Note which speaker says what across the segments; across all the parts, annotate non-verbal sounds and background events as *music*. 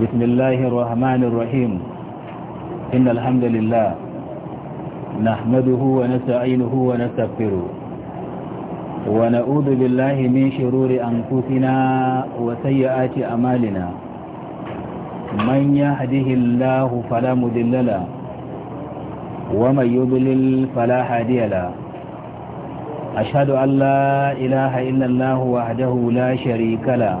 Speaker 1: بسم الله الرحمن الرحيم إن الحمد لله نحمده ونستعينه ونستغفره ونعوذ بالله من شرور أنفسنا وسيئات أمالنا من يهده الله فلا مذل له ومن يضلل فلا هادي له أشهد أن لا إله إلا الله وحده لا شريك له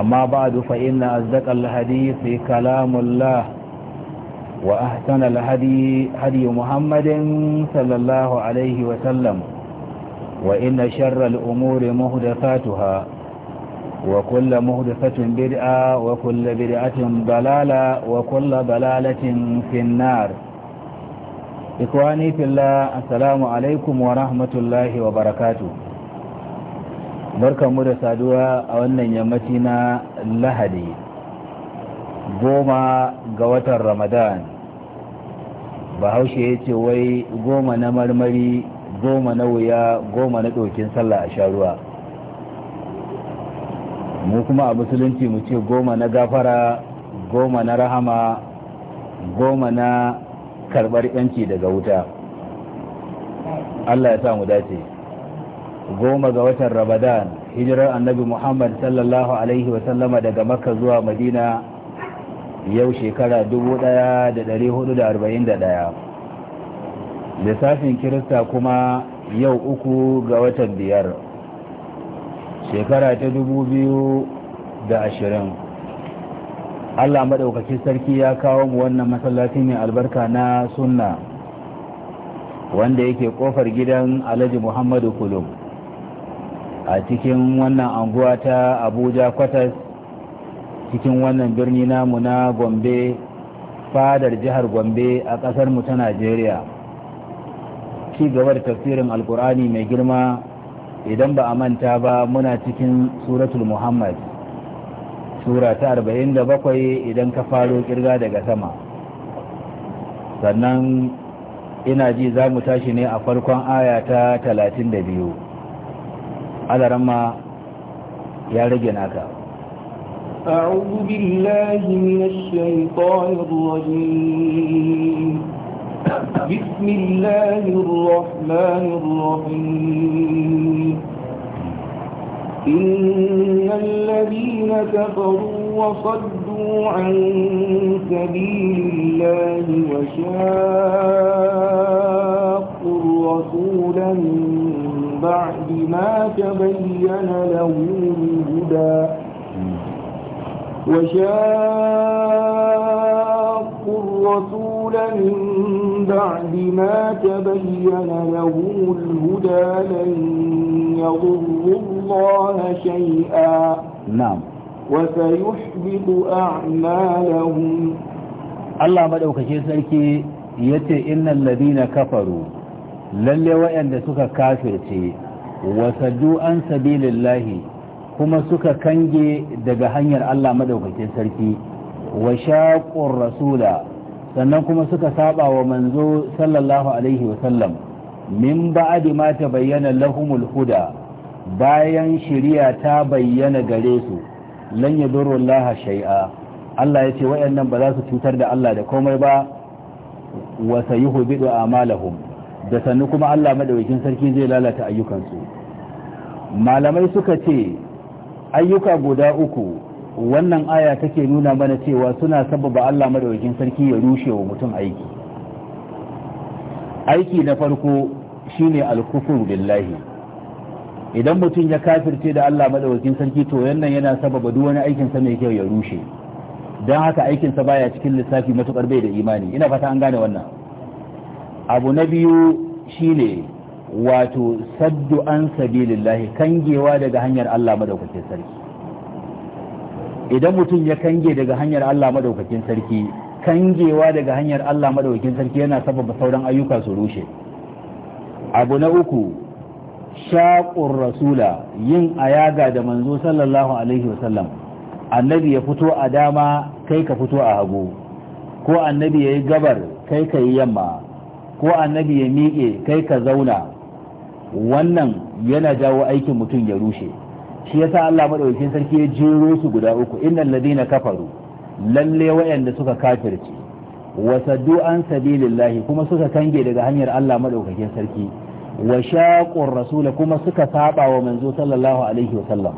Speaker 1: أما بعد فإن أزدق الحديث كلام الله وأحسن الهدي هدي محمد صلى الله عليه وسلم وإن شر الأمور مهدفاتها وكل مهدفة برعة وكل برعة ضلالة وكل ضلالة في النار إخواني في الله السلام عليكم ورحمة الله وبركاته mu da saduwa a wannan yammaci na lahadi goma ga watan ramadan bahaushe ya ce wai goma na marmari goma na wuya goma na ɗokin sallah a sha ruwa mu kuma a musulunci mu ce goma na gafara goma na rahama goma na karɓar yanci daga wuta allah ya sa mu dace goma ga watan ramadan hijirar annabi muhammad sallallahu alaihi wasallama daga makka zuwa madina yau shekara 1441 lissafin kirista kuma yau uku ga watan biyar shekara ta 2020 allah maɗaukakin sarki ya kawo mu wannan masallaci mai albarka na sunna wanda yake ƙofar gidan alhaji muhammadu kulum a cikin wannan anguwa ta abuja kwatas cikin wannan birni namu na gombe fadar jihar gombe a kasar mu ta najeriya ci gaba da tafsirin alkur'ani mai girma idan ba a manta ba muna cikin suratul muhammad sura ta bakwai idan ka faro kirga daga sama sannan ina ji za mu tashi ne a farkon aya ta biyu. ألرما يا rage naka
Speaker 2: أعوذ بالله من الشيطان الرجيم بسم الله الرحمن الرحيم إن الذين كفروا وصدوا عن سبيل الله وشاقوا الرسول من بعد ما تبين له الهدى وشاقوا الرسول من بعد ما تبين له الهدى لن يضروا الله شيئا نعم وسيحبط أعمالهم الله بدأ كشيء
Speaker 1: يتي إن الذين كفروا lalle waɗanda suka kafirce wasadu an sabilillahi kuma suka kange daga hanyar Allah madaukakin sarki wa shaqur rasula sannan kuma suka saba wa manzo sallallahu alaihi wa sallam min ba'di ma tabayyana lahumul huda bayan shiriya ta bayyana gare su lan yadurru Allah shay'a Allah yace ba za su cutar da Allah da komai ba wa sayuhbidu a'malahum da sannu kuma Allah madawakin sarki zai lalata ayyukansu malamai suka ce ayyuka guda uku wannan aya take nuna mana cewa suna sababa Allah madawakin sarki ya rushe wa mutum aiki aiki na farko shine alkufur billahi idan mutum ya kafirce da Allah madawakin sarki to wannan yana sababa duk wani aikin sa mai kyau ya rushe don haka aikinsa baya cikin lissafi matukar bai da imani ina fata an gane wannan abu na biyu shi ne, wato saddu an sabilillahi kangewa daga hanyar Allah madaukakin sarki idan mutum ya kange daga hanyar Allah madaukakin sarki kangewa daga hanyar Allah madaukakin sarki yana sababa sauran ayyuka su rushe abu na uku shaƙun rasula yin ayaga da manzo sallallahu alaihi wasallam annabi ya fito a dama kai ka fito a hagu ko annabi ya yi gabar kai ka yi yamma ko annabi ya miƙe kai ka zauna wannan yana jawo aikin mutum ya rushe shi yasa Allah madaukakin sarki ya jero su guda uku innal ladina kafaru lalle wayanda suka kafirci wasaddu an sabilillahi kuma suka kange daga hanyar Allah madaukakin sarki wa shaqur rasul kuma suka saba wa manzo sallallahu alaihi wasallam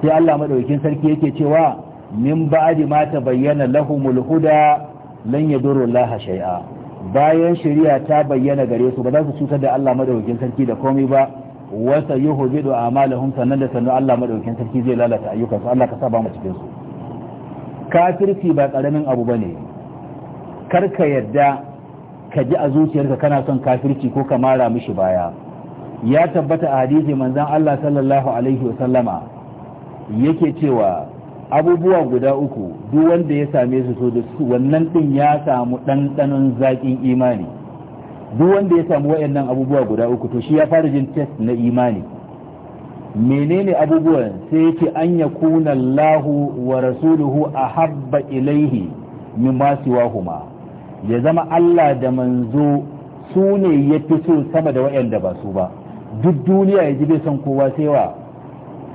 Speaker 1: sai Allah madaukakin sarki yake cewa min ba'di ma tabayyana lahumul huda lan yaduru Allah shay'a bayan shari'a ta bayyana gare su ba za su cutar da Allah madaukakin sarki da komai ba wa sayuhbidu a'malahum sannan da sannu Allah madaukakin sarki zai lalata ayyukansu Allah ka sa ba mu cikin su kafirci ba karamin abu bane kar ka yarda ka ji a zuciyarka kana son kafirci ko ka mara mishi baya ya tabbata a hadisi manzon Allah sallallahu alaihi wa sallama yake cewa abubuwa guda uku duk wanda ya same su so da su wannan din ya samu ɗanɗanon zaƙin imani duk wanda ya samu waɗannan abubuwa guda uku to shi ya fara jin test na imani menene abubuwan sai yake an ya kuna wa rasuluhu a habba ilaihi min masu wahuma ya zama Allah da manzo su ne ya fi so sama da waɗanda ba su ba duk duniya ya ji bai son kowa sai wa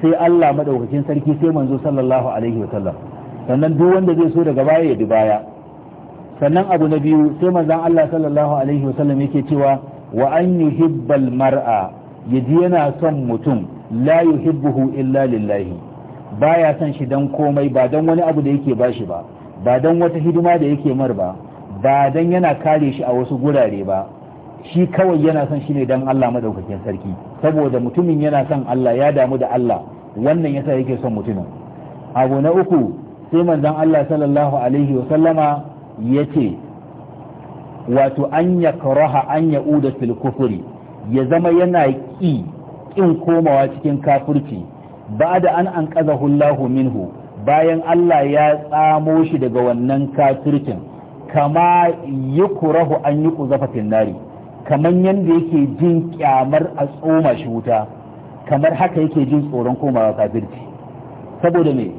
Speaker 1: sai Allah madaukakin sarki sai manzo sallallahu alaihi wa sallam sannan duk wanda zai so daga baya ya bi baya sannan abu na biyu sai manzon Allah sallallahu alaihi wa sallam yake cewa wa an yuhibbal mar'a yaji yana son mutum la yuhibbuhu illa lillahi baya son shi dan komai ba dan wani abu da yake bashi ba ba dan wata hidima da yake mar ba ba dan yana kare shi a wasu gurare ba shi kawai yana son shi ne don Allah madaukakin sarki saboda mutumin yana son Allah ya damu da Allah wannan yasa yake son mutumin abu na uku sai manzon Allah sallallahu alaihi wa sallama yace wato an yakraha an yauda fil kufri ya zama yana ki kin komawa cikin kafirci ba da an an hullahu minhu bayan Allah ya tsamo shi daga wannan kafircin kama kurahu an yi fin nari kamar yadda yake jin kyamar a tsoma shi wuta kamar haka yake jin tsoron komawa kafirci saboda me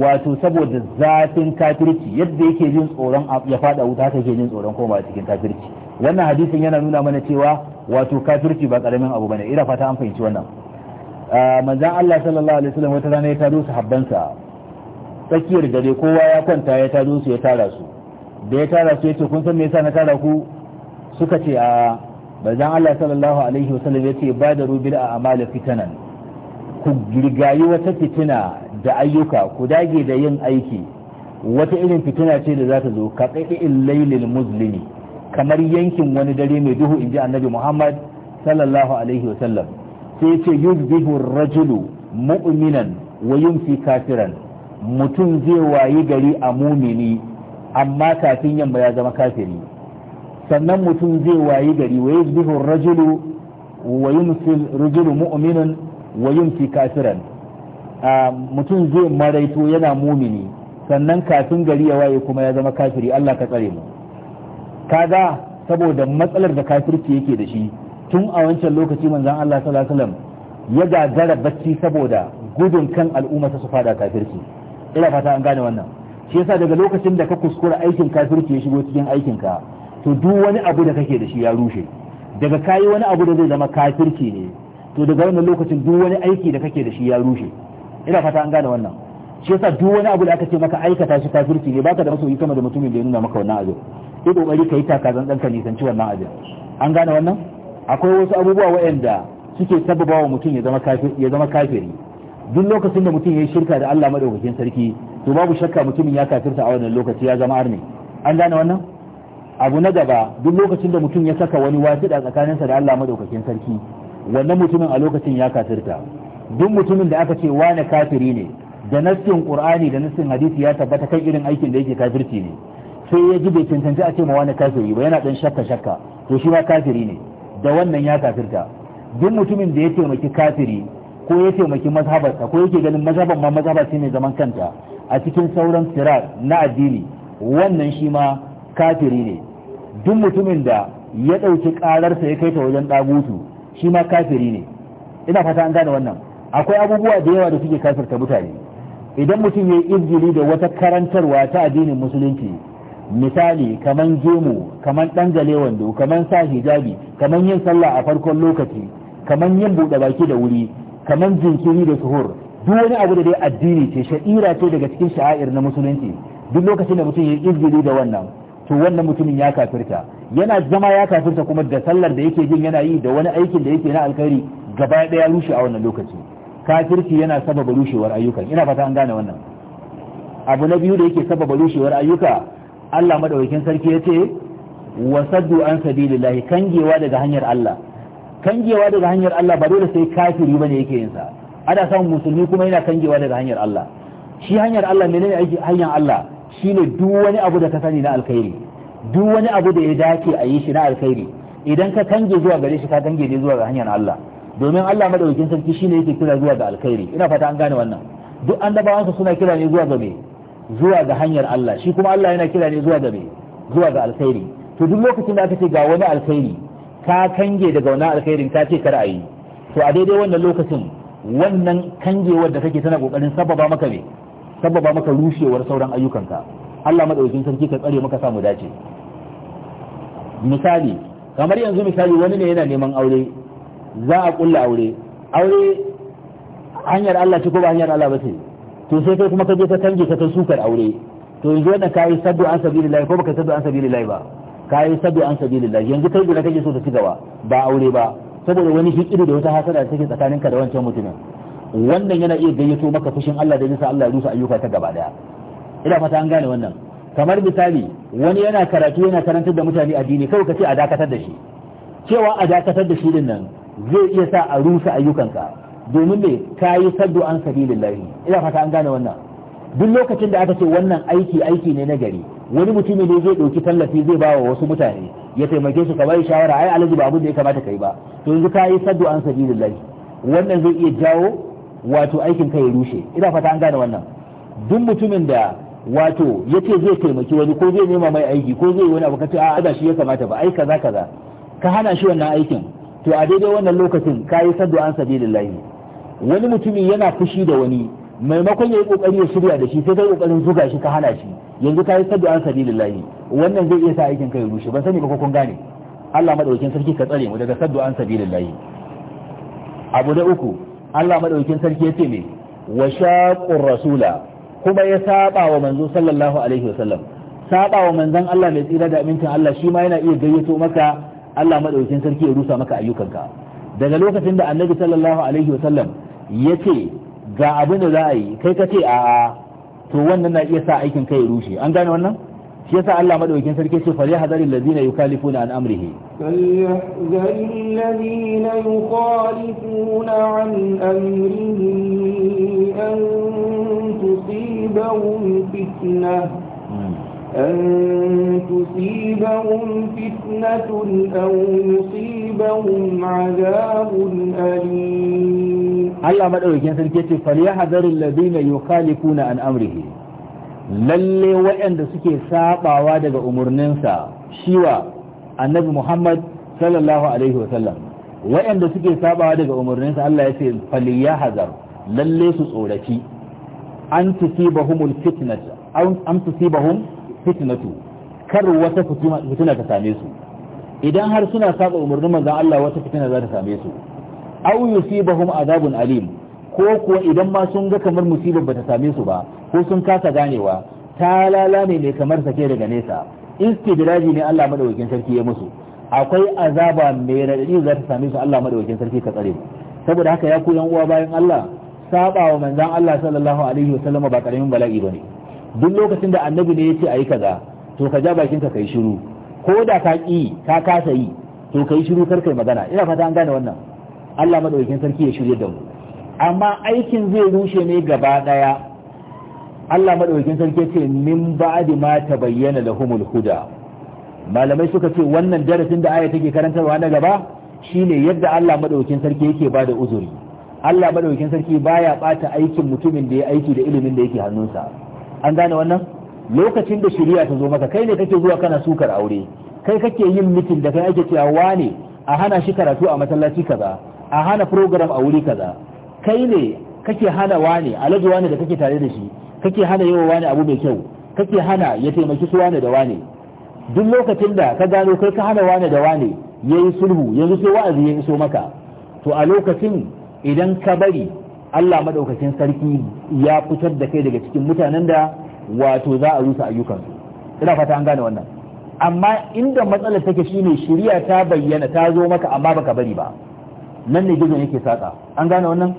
Speaker 1: wato saboda zafin kafirci yadda yake jin tsoron ya fada wuta haka yake jin tsoron komawa cikin kafirci wannan hadisin yana nuna mana cewa wato kafirci ba karamin abu bane ira fata an fahimci wannan manzan Allah sallallahu alaihi wasallam wata rana ya taro sahabbansa tsakiyar gare kowa ya kwanta ya taro su ya tara su da ya tara su yace kun san me yasa na tara ku suka ce a bazan Allah sallallahu alaihi wasallam ya ce ba da rubir a amala fitanan ku girgayi wata fitina da ayyuka ku dage da yin aiki wata irin fitina ce da za ta zo ka in lailil kamar yankin wani dare mai duhu in ji annabi muhammad sallallahu alaihi wasallam sai ce yuzbihu rajulu mu'minan wa yumsi kafiran mutum zai wayi gari a mumini amma kafin yamma ya zama kafiri sannan mutum zai wayi gari wa yusbihu rajulu wa yumsi rajulu mu'minan wa yumsi kafiran mutum zai maraito yana mumini sannan kafin gari ya waye kuma ya zama kafiri Allah ka tsare mu kaga saboda matsalar da kafirci yake da shi tun a wancan lokaci manzon Allah sallallahu alaihi wasallam ya gagara bacci saboda gudun kan al'umma ta su fada kafirci ina fata an gane wannan shi yasa daga lokacin da ka kuskura aikin kafirci ya shigo cikin aikin ka to duk wani abu da kake da shi ya rushe daga kayi wani abu da zai zama kafirci ne to daga wannan lokacin duk wani aiki da kake da shi ya rushe ina fata an gane wannan shi yasa duk wani abu da aka ce maka aikata shi kafirci ne baka da masoyi kama da mutumin da ya nuna maka wannan abin sai kokari kai taka zan ka nisanci wannan abin an gane wannan akwai wasu abubuwa waɗanda suke sababa wa mutum ya zama kafir ya zama kafiri duk lokacin da mutum ya yi shirka da Allah madaukakin sarki to babu shakka mutumin ya kafirta a wannan lokaci ya zama arni an gane wannan abu na gaba duk lokacin da mutum ya saka wani wasiɗa tsakaninsa da Allah madaukakin sarki wannan mutumin a lokacin ya kafirta duk mutumin da aka ce wani kafiri ne da nassin qur'ani da nassin hadisi ya tabbata kan irin aikin da yake kafirci ne sai ya ji bai cancanci a ce ma wani kafiri ba yana dan shakka shakka to shi ma kafiri ne da wannan ya kafirta duk mutumin da ya taimaki kafiri ko ya taimaki mazhabarsa ko yake ganin mazhaban ma mazhaba ce zaman kanta a cikin sauran sirar na addini wannan shi ma kafiri ne duk mutumin da ya ɗauki ƙararsa ya kai ta wajen ɗagutu shi ma kafiri ne ina fata an gane wannan akwai abubuwa da yawa da suke kafirta mutane idan mutum ya yi izgili da wata karantarwa ta addinin musulunci misali kaman gemu kaman ɗan gale wando kaman sa hijabi kaman yin sallah a farkon lokaci kaman yin buɗe baki da wuri kaman jinkiri da suhur duk wani abu da dai addini ce sha'ira ce daga cikin sha'air na musulunci duk lokacin da mutum ya yi izgili da wannan to wannan mutumin ya kafirta yana zama ya kafirta kuma da sallar da yake jin yana yi da wani aikin da yake na alkhairi gaba ɗaya rushe a wannan lokaci kafirci yana sababa rushewar ayyuka ina fata an gane wannan abu na biyu da yake sababa rushewar ayyuka Allah madaukakin sarki yace wasaddu an sabilillahi kangewa daga hanyar Allah kangewa daga hanyar Allah ba dole sai kafiri bane yake yin sa ana samun musulmi kuma yana kangewa daga hanyar Allah shi hanyar Allah menene aiki hanyar Allah shine duk wani abu da ka sani na alkhairi duk wani abu da ya dace a yi shi na alkhairi idan ka kange zuwa gare shi ka kange ne zuwa ga hanyar Allah domin Allah madaukakin sarki shine yake kira zuwa ga alkhairi ina fata an gane wannan duk su suna kira ne zuwa ga me zuwa ga hanyar Allah shi kuma Allah yana kira ne zuwa ga me zuwa ga alkhairi to duk lokacin da aka ce ga wani alkhairi ka kange daga wani alkhairin ka ce kar a yi to a daidai wannan lokacin wannan kangewar da kake tana kokarin sababa maka ne sababa maka rushewar sauran ayyukanka Allah madaukakin sarki ka tsare maka samu dace misali kamar yanzu misali wani ne yana neman aure za a kulla aure aure hanyar Allah ce ko ba hanyar Allah ba ce to sai kai kuma ka je ka canje ka san sukar aure to yanzu wannan kai saddu an sabilillahi ko baka saddu an sabilillahi ba kai saddu an sabilillahi yanzu kai gura kake so ta ci gaba ba aure ba saboda wani shi da wata hasada take tsakaninka da wancan mutumin wannan yana iya gayyato maka fushin Allah da nisa Allah ya rusa ayyuka ta gaba daya ina fata an gane wannan kamar misali wani yana karatu yana karantar da mutane addini kawai ka ce a dakatar da shi cewa a dakatar da shi din nan zai iya sa a rusa ayyukanka domin me kayi saddu an sabilillahi ina fata an gane wannan duk lokacin da aka ce wannan aiki aiki ne na gari wani mutum ne zai ɗauki tallafi zai ba wa wasu mutane ya taimake su ka bai shawara ai alhaji ba abin da ya kamata kai ba to yanzu ka yi saddu an sabilillahi wannan zai iya jawo wato aikin kai ya rushe ina fata an gane wannan duk mutumin da wato ya ce zai taimaki wani ko zai nema mai aiki ko zai wani abu ka ce a da shi ya kamata ba ai kaza kaza ka hana shi wannan aikin to a daidai wannan lokacin ka yi saddu an sabilillahi wani mutumi yana fushi da wani maimakon ya yi kokari ya shirya da shi sai kai kokarin zuga shi ka hana shi yanzu ka yi saddu an sabilillahi wannan zai iya sa aikin kai ya rushe ban sani ba ko kun gane Allah madaukakin sarki ka tsare mu daga saddu an sabilillahi abu da uku Allah madaukin sarki yace ce me wa shaqur rasula kuma ya saba wa manzo sallallahu alaihi wasallam saba wa manzon Allah mai tsira da amincin Allah shi ma yana iya gayyato maka Allah madaukin sarki ya rusa maka ayyukanka daga lokacin da annabi sallallahu alaihi wasallam ya ga abin da za a yi kai ka ce a'a to wannan na iya sa aikin kai ya rushe an gane wannan shi yasa Allah madaukakin sarki ce fari yahdhar ladina yukalifuna an amrihi
Speaker 2: fal yahdhar alladhina yukhalifuna an amrihi an tusibahum fitnah أن تصيبهم فتنة أو يصيبهم عذاب أليم
Speaker 1: الله مدعو يجنسل كتب فليحذر الذين يخالفون عن أمره lalle waɗanda suke sabawa daga umarninsa shiwa annabi Muhammad sallallahu alaihi wasallam waɗanda suke sabawa daga umarninsa Allah ya ce faliya hazar lalle su tsoraci an tusibahumul fitnat an tusibahum fitnatu kar wata fituna ta same su idan har suna saba umarnin manzon Allah wata fituna za ta same su aw yusibahum azabun alim ko kuwa idan ma sun ga kamar musibar bata same su ba ko sun kasa ganewa ta ne mai kamar sake daga nesa istidraji ne Allah madaukakin sarki ya musu akwai azaba mai radadi za ta same su Allah madaukakin sarki ka tsare saboda haka ya ku yan uwa bayan Allah saba wa manzon Allah sallallahu alaihi wasallam ba karamin bala'i bane duk lokacin da annabi ne yace ayi kaza to ka ja bakin ka kai shiru ko da ka ki ka kasa yi to kai shiru kar kai magana ina fata an gane wannan Allah madaukakin sarki ya shirye da mu amma aikin zai rushe ne gaba daya Allah madaukakin sarki ce min ba'di ma tabayyana lahumul huda malamai suka ce wannan darasin da aya take karantarwa na gaba shine yadda Allah madaukakin sarki yake bada uzuri Allah madaukakin sarki baya ɓata aikin mutumin da ya aiki da ilimin da yake hannunsa an gane wannan lokacin da shari'a ta zo maka kai ne kake zuwa kana sukar aure kai kake yin mitin da kai ake cewa wane a hana shi karatu a masallaci kaza a hana program a wuri kaza kai ne kake hana wani alaji wani da kake tare da shi kake hana yawa wani abu mai kyau kake hana ya taimaki su wani da wani duk lokacin da ka gano kai ka hana wani da wani yayi sulhu yanzu sai wa'azi ya iso maka to a lokacin idan ka bari Allah madaukakin sarki ya fitar da kai daga cikin mutanen da wato za a rusa ayyukansu ina fata an gane wannan amma inda matsalar take shine shari'a ta bayyana ta zo maka amma baka bari ba nan ne gizo yake saka an gane wannan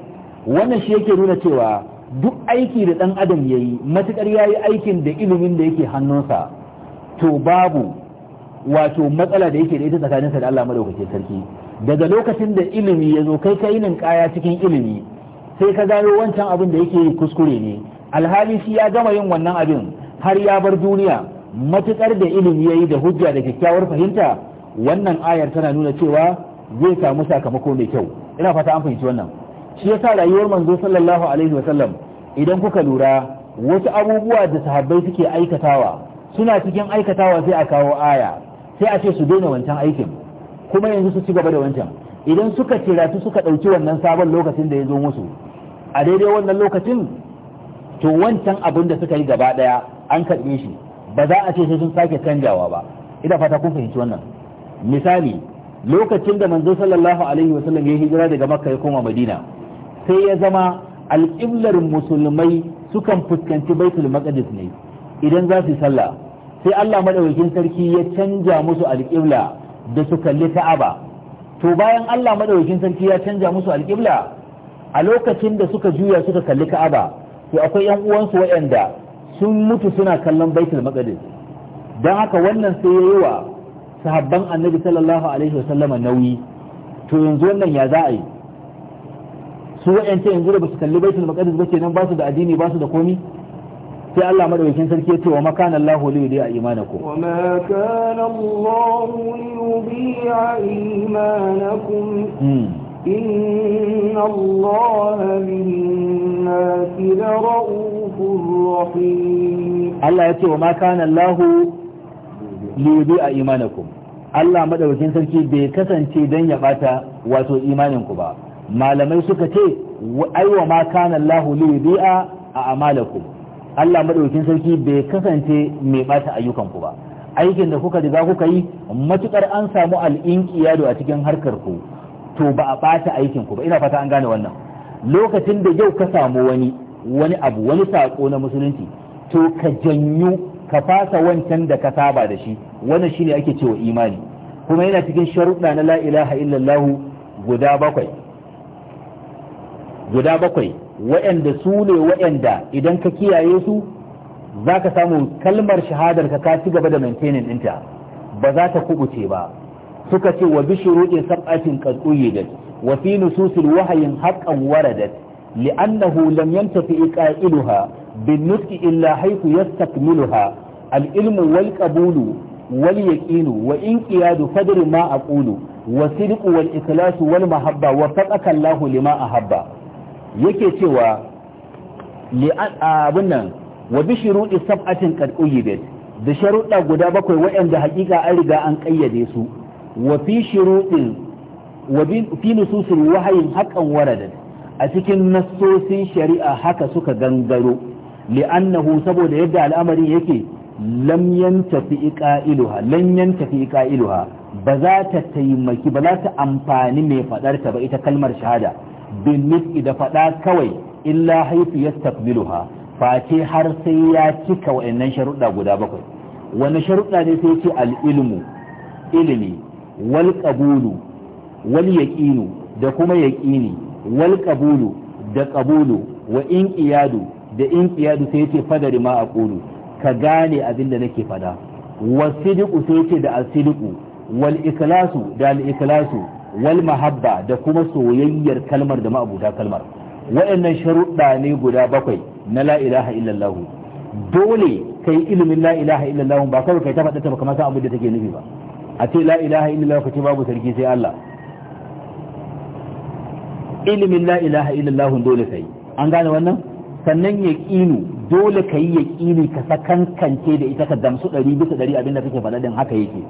Speaker 1: wannan shi yake nuna cewa duk aiki da ɗan adam ya yi matuƙar ya yi aikin da ilimin da yake hannunsa to babu wato matsala da yake da ita tsakaninsa da Allah madaukake sarki daga lokacin da ilimi ya zo kai kai yi kaya cikin ilimi sai ka gano wancan abin da yake kuskure ne alhali shi ya gama yin wannan abin har ya bar duniya matuƙar da ilimi ya yi da hujja da kyakkyawar fahimta wannan ayar tana nuna cewa zai samu sakamako mai kyau ina fata an fahimci wannan shi ya sa rayuwar manzo sallallahu alaihi wa sallam idan kuka lura wasu abubuwa da sahabbai suke aikatawa suna cikin aikatawa sai a kawo aya sai a ce su daina wancan aikin kuma yanzu su ci gaba da wancan idan suka su suka ɗauki wannan sabon lokacin da ya zo musu a daidai wannan lokacin to wancan abin da suka yi gaba ɗaya an karɓe shi ba za a ce sai sun sake canjawa ba ina fata kun fahimci wannan misali lokacin da manzo sallallahu alaihi wasallam ya hijira daga makka ya koma madina sai ya zama alƙiblar musulmai sukan fuskanci baitul maqdis ne idan za su sallah sai Allah madaukakin sarki ya canja musu alƙibla da su kalli ta'aba to bayan Allah madaukakin sarki ya canja musu alƙibla a lokacin da suka juya suka kalli ka'aba to akwai yan uwansu waɗanda sun mutu suna kallon baitul maqdis dan haka wannan sai yi wa sahabban annabi sallallahu alaihi wasallama nauyi to yanzu wannan ya za a yi su wa'yance yanzu da ba su kalli baitul maqdis ba kenan ba su da addini ba su da komi sai Allah madaukakin sarki ya ce wa makana Allahu li yudi'a imanakum wa
Speaker 2: ma kana Allahu li yudi'a imanakum إن الله بالناس لرؤوف رحيم
Speaker 1: الله يتي وما كان الله ليضيء إيمانكم Allah madaukakin sarki bai kasance dan ya bata wato imaninku ba malamai suka ce aiwa ma kana Allahu li bi'a a amalakum Allah madaukin sarki bai kasance mai bata ayyukan ku ba aikin da kuka riga kuka yi matukar an samu al'inqiyadu a cikin harkar ku to ba a bata aikin ku ba ina fata an gane wannan lokacin da yau ka samu wani wani abu wani sako na musulunci to ka janyu ka fasa wancan da ka saba da shi wannan shine ake cewa imani kuma yana cikin sharuɗa na la ilaha illallah guda bakwai guda bakwai waɗanda su ne waɗanda idan ka kiyaye su za ka samu kalmar shahadar ka ka ci gaba da maintaining ɗinta ba za ta kubuce ba suka ce wa bishuruɗin sab'atin qad da wa fi nususil wahayin haqqan waradat li'annahu lam yantafi qa'iluha bin nutqi illa haythu yastakmiluha al-ilmu wal qabulu wal yaqinu wa inqiyadu qadri ma aqulu wa sidqu wal ikhlasu wal mahabba wa faqaka Allahu lima habba. yake cewa abin nan wa bi sab'atin qad qayyidat da sharuɗa guda bakwai waɗanda haƙiƙa an riga an ƙayyade su wa fi shuruɗin wa fi wahayin haqqan warada a cikin nassosin shari'a haka suka gangaro li'annahu saboda yadda al'amari yake lam yantafi iqailuha lam yantafi iqailuha ba za ta taimaki ba za ta amfani mai fadar ta ba ita kalmar shahada bin da faɗa kawai illa haifu ya ha face har sai ya cika wa'annan sharuɗa guda bakwai wani sharuɗa ne sai ce al'ilmu ilimi wal ƙabulu wal yaƙinu da kuma yaƙini wal ƙabulu da ƙabulu wa in ƙiyadu da in ƙiyadu sai ce fadari ma a ƙulu ka gane abin da nake faɗa wasidiku sai ce da asidiku wal ikilasu da al ikilasu wal mahabba da kuma soyayyar kalmar da ma'abuta kalmar waɗannan sharuɗa ne guda bakwai na la ilaha illallah dole kai ilimin la ilaha illallah ba kawai kai ta faɗa ta kamar abin da take nufi ba a ce la ilaha illallah ka ce babu sarki sai Allah ilimin la ilaha illallah dole sai an gane wannan sannan yaqinu dole kai yaqini ka sakankance da ita ka damsu ɗari bisa ɗari abin da kake faɗa din haka yake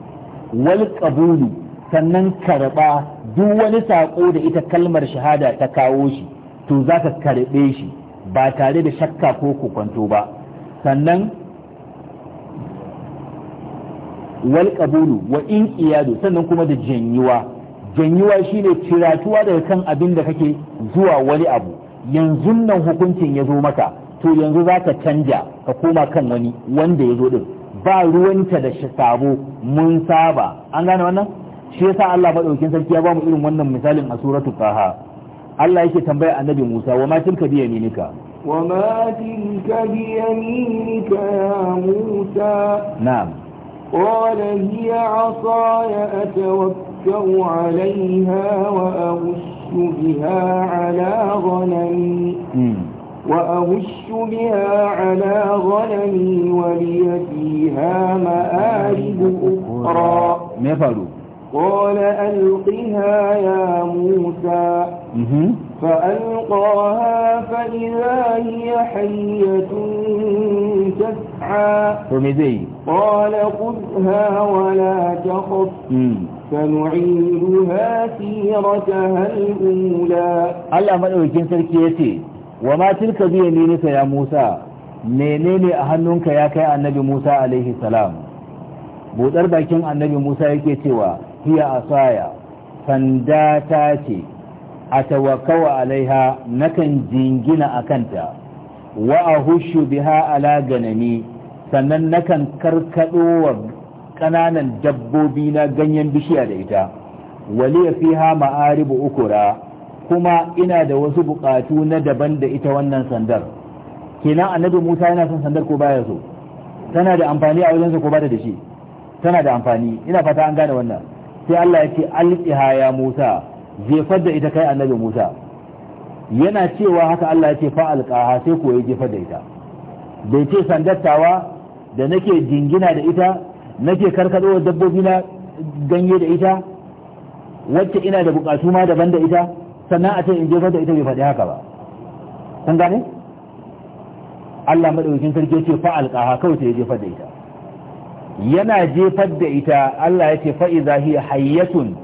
Speaker 1: wal qabulu sannan karɓa duk wani saƙo da ita kalmar shahada ta kawo shi to za ka karɓe shi ba tare da shakka ko kwanto ba sannan wal wa in iyadu sannan kuma da janyuwa janyuwa shine ciratuwa daga kan abin da kake zuwa wani abu yanzu nan hukuncin ya zo maka to yanzu za ka canja ka koma kan wani wanda ya zo din ba ruwanta da sabo mun saba an gane wannan shi yasa Allah madaukakin sarki ya ba mu irin wannan misalin a suratul qaha Allah yake tambaya annabi Musa wa ma tilka bi yaminika
Speaker 2: wa ma tilka bi yaminika ya Musa na'am qala hiya 'asaya atawakkau 'alayha wa aghshu biha 'ala ghanami وأهش بها على غنمي ولي فيها مآرب أخرى ما فعلوا قال ألقها يا موسى فألقاها فإذا هي حية تسعى قال خذها ولا تخف سنعيدها سيرتها الأولى
Speaker 1: الله مدعوكين سلكيتي وما تلك بيمينك يا موسى menene a hannunka ya kai annabi Musa alaihi salam budar bakin annabi Musa yake cewa hiya asaya sanda ta ce a tawakawa alaiha nakan jingina a kanta wa a hushu biha ala ganani sannan nakan karkaɗo wa ƙananan dabbobi na ganyen bishiya da ita fi fiha ma'aribu ukura kuma ina da wasu buƙatu na daban da ita wannan sandar kenan annabi musa yana son sandar ko baya so tana da amfani a wajensa ko bata da shi tana da amfani ina fata an gane wannan sai Allah ya ce alqiha ya Musa jefar da ita kai annabi Musa yana cewa haka Allah ya ce fa alqaha sai ko ya jefar da ita bai ce sandattawa da nake jingina da ita nake karkado dabbobi na ganye da ita wacce ina da bukatu ma daban da ita sannan a ce in jefar da ita bai faɗi haka ba kun gane Allah madaukin sarki ya ce fa alqaha kawai sai ya jefar da ita yana jefar da ita Allah ya ce fa'iza hiya hayyatun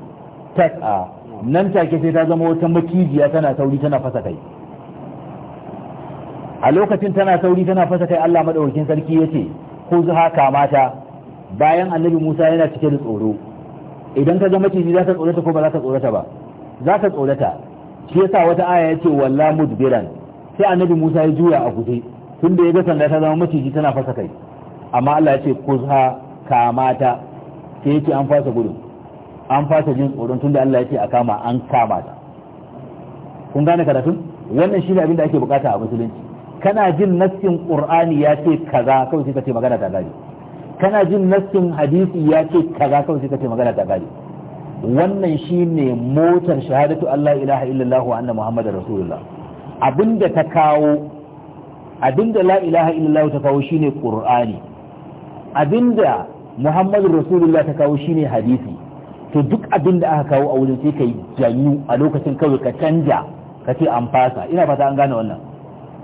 Speaker 1: tas'a nan take sai ta zama wata makijiya tana sauri tana fasa kai a lokacin tana sauri tana fasa kai Allah maɗaukin sarki ya ce ko zuha kamata bayan annabi Musa yana cike da tsoro idan ka ga ciki za ta tsorata ko ba za ta tsorata ba za ta tsorata shi yasa wata aya ya ce walla mudbiran sai annabi Musa ya juya a guje tunda ya ga sanda ta zama maciji tana fasa kai amma Allah ya ce kuzha Kamata ta yake an fasa gudu an fasa jin tsoron da Allah yake a kama an kama ta kun gane karatun wannan shine abin da ake bukata a musulunci kana jin naskin qur'ani ya ce kaza kawai sai ka ce magana ta gari kana jin naskin hadisi ya ce kaza kawai sai ka ce magana ta gari wannan shine motar shahadatu Allah ilaha illallah wa anna muhammadar rasulullah abinda ta kawo abinda la ilaha illallah ta kawo shine qur'ani abinda muhammadu rasulullah ta kawo shine hadisi to duk abin da aka kawo a wurin sai ka janyu a lokacin kawai ka canja ka ce an fasa ina fata an gane wannan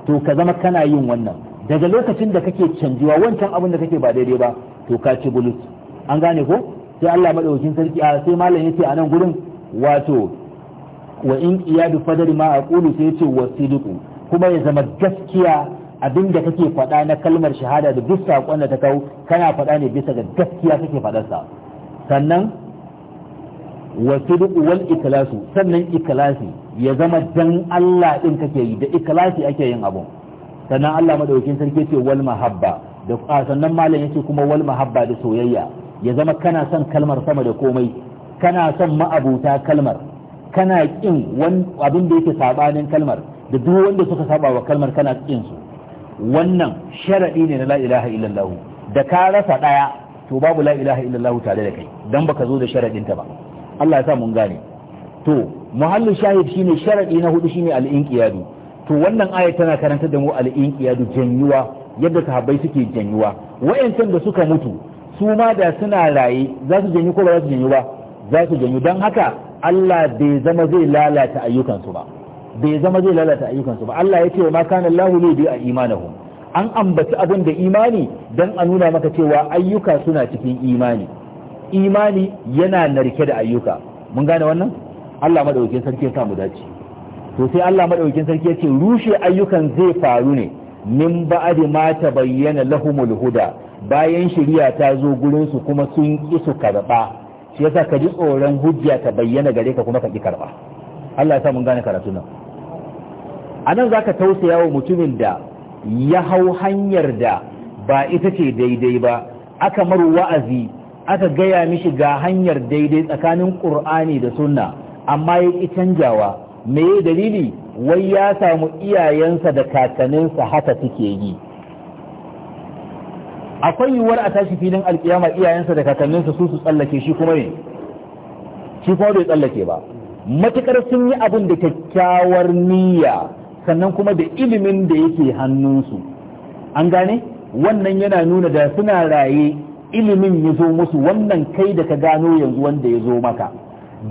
Speaker 1: to ka zama kana yin wannan daga lokacin da kake canjiwa wancan abin da kake ba daidai ba to ka ci bulus an gane ko sai Allah madaukakin sarki a sai malam yace a nan gurin wato wa in iyadu fadari ma aqulu sai yace wasidiqu kuma ya zama gaskiya abin da kake faɗa na kalmar shahada da duk saƙon da ta kawo kana faɗa ne bisa ga gaskiya kake faɗarsa sannan wasu duk wal ikilasu sannan ikilasi ya zama dan Allah ɗin kake yi da ikilasi ake yin abu sannan Allah madaukakin sarki ce wal mahabba da sannan malam yace kuma wal mahabba da soyayya ya zama kana son kalmar sama da komai kana son ma'abuta kalmar kana kin abin da yake sabanin kalmar da duk wanda suka saba wa kalmar kana kin su wannan sharaɗi ne na la ilaha da ka rasa daya to babu la ilaha tare da kai dan baka zo da sharadin ta ba Allah ya sa mun gane to muhallin shahid shine sharaɗi na hudu shine al-inqiyadu to wannan ayat tana karanta da mu al-inqiyadu janyuwa yadda sahabbai suke janyuwa wayancan da suka mutu su ma da suna raye za su janyu ko ba za su janyu ba za su janyu don haka Allah bai zama zai lalata ayyukansu ba bai zama zai lalata ayyukansu ba Allah ya ce ma kana Allahu li bi imanahu. an ambaci abin da imani dan a nuna maka cewa ayyuka suna cikin imani imani yana narke da ayyuka mun gane wannan Allah madaukakin sarki ya mu dace to sai Allah madaukakin sarki ya ce rushe ayyukan zai faru ne min mata ma tabayyana lahumul huda bayan shari'a ta zo gurin su kuma sun ki su karba shi yasa ka ji tsoron hujja ta bayyana gare ka kuma ka ki karba Allah ya sa mun gane karatu nan a nan za ka tausaya wa mutumin da ya hau hanyar da ba ita ce daidai ba aka maru wa'azi aka gaya mishi ga hanyar daidai tsakanin ƙur'ani da sunna amma ya ƙi canjawa me ya dalili wai ya samu iyayensa da kakaninsa haka suke yi akwai yiwuwar a tashi filin alkiyama iyayensa da kakanninsa su su tsallake shi kuma ne shi kuma bai tsallake ba matukar sun yi abin da kyakkyawar niyya sannan kuma da ilimin da yake hannunsu an gane wannan yana nuna da suna raye ilimin ya zo musu wannan kai da ka gano yanzu wanda ya zo maka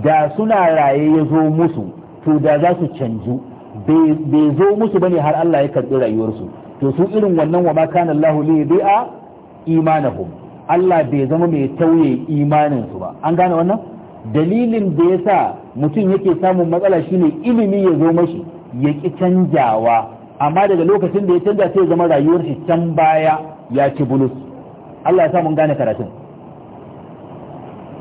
Speaker 1: da suna raye ya zo musu to da za su canju bai zo musu bane har Allah ya karɓi rayuwarsu to su irin wannan wa ma kana Allah li bi'a imanahum Allah bai zama mai tauye imaninsu ba an gane wannan dalilin da yasa mutum yake samun matsala shine ilimi ya zo mashi ya ƙi canjawa amma daga lokacin da ya canja sai zama rayuwar shi can baya ya ci bulus Allah ya sa mun gane karatun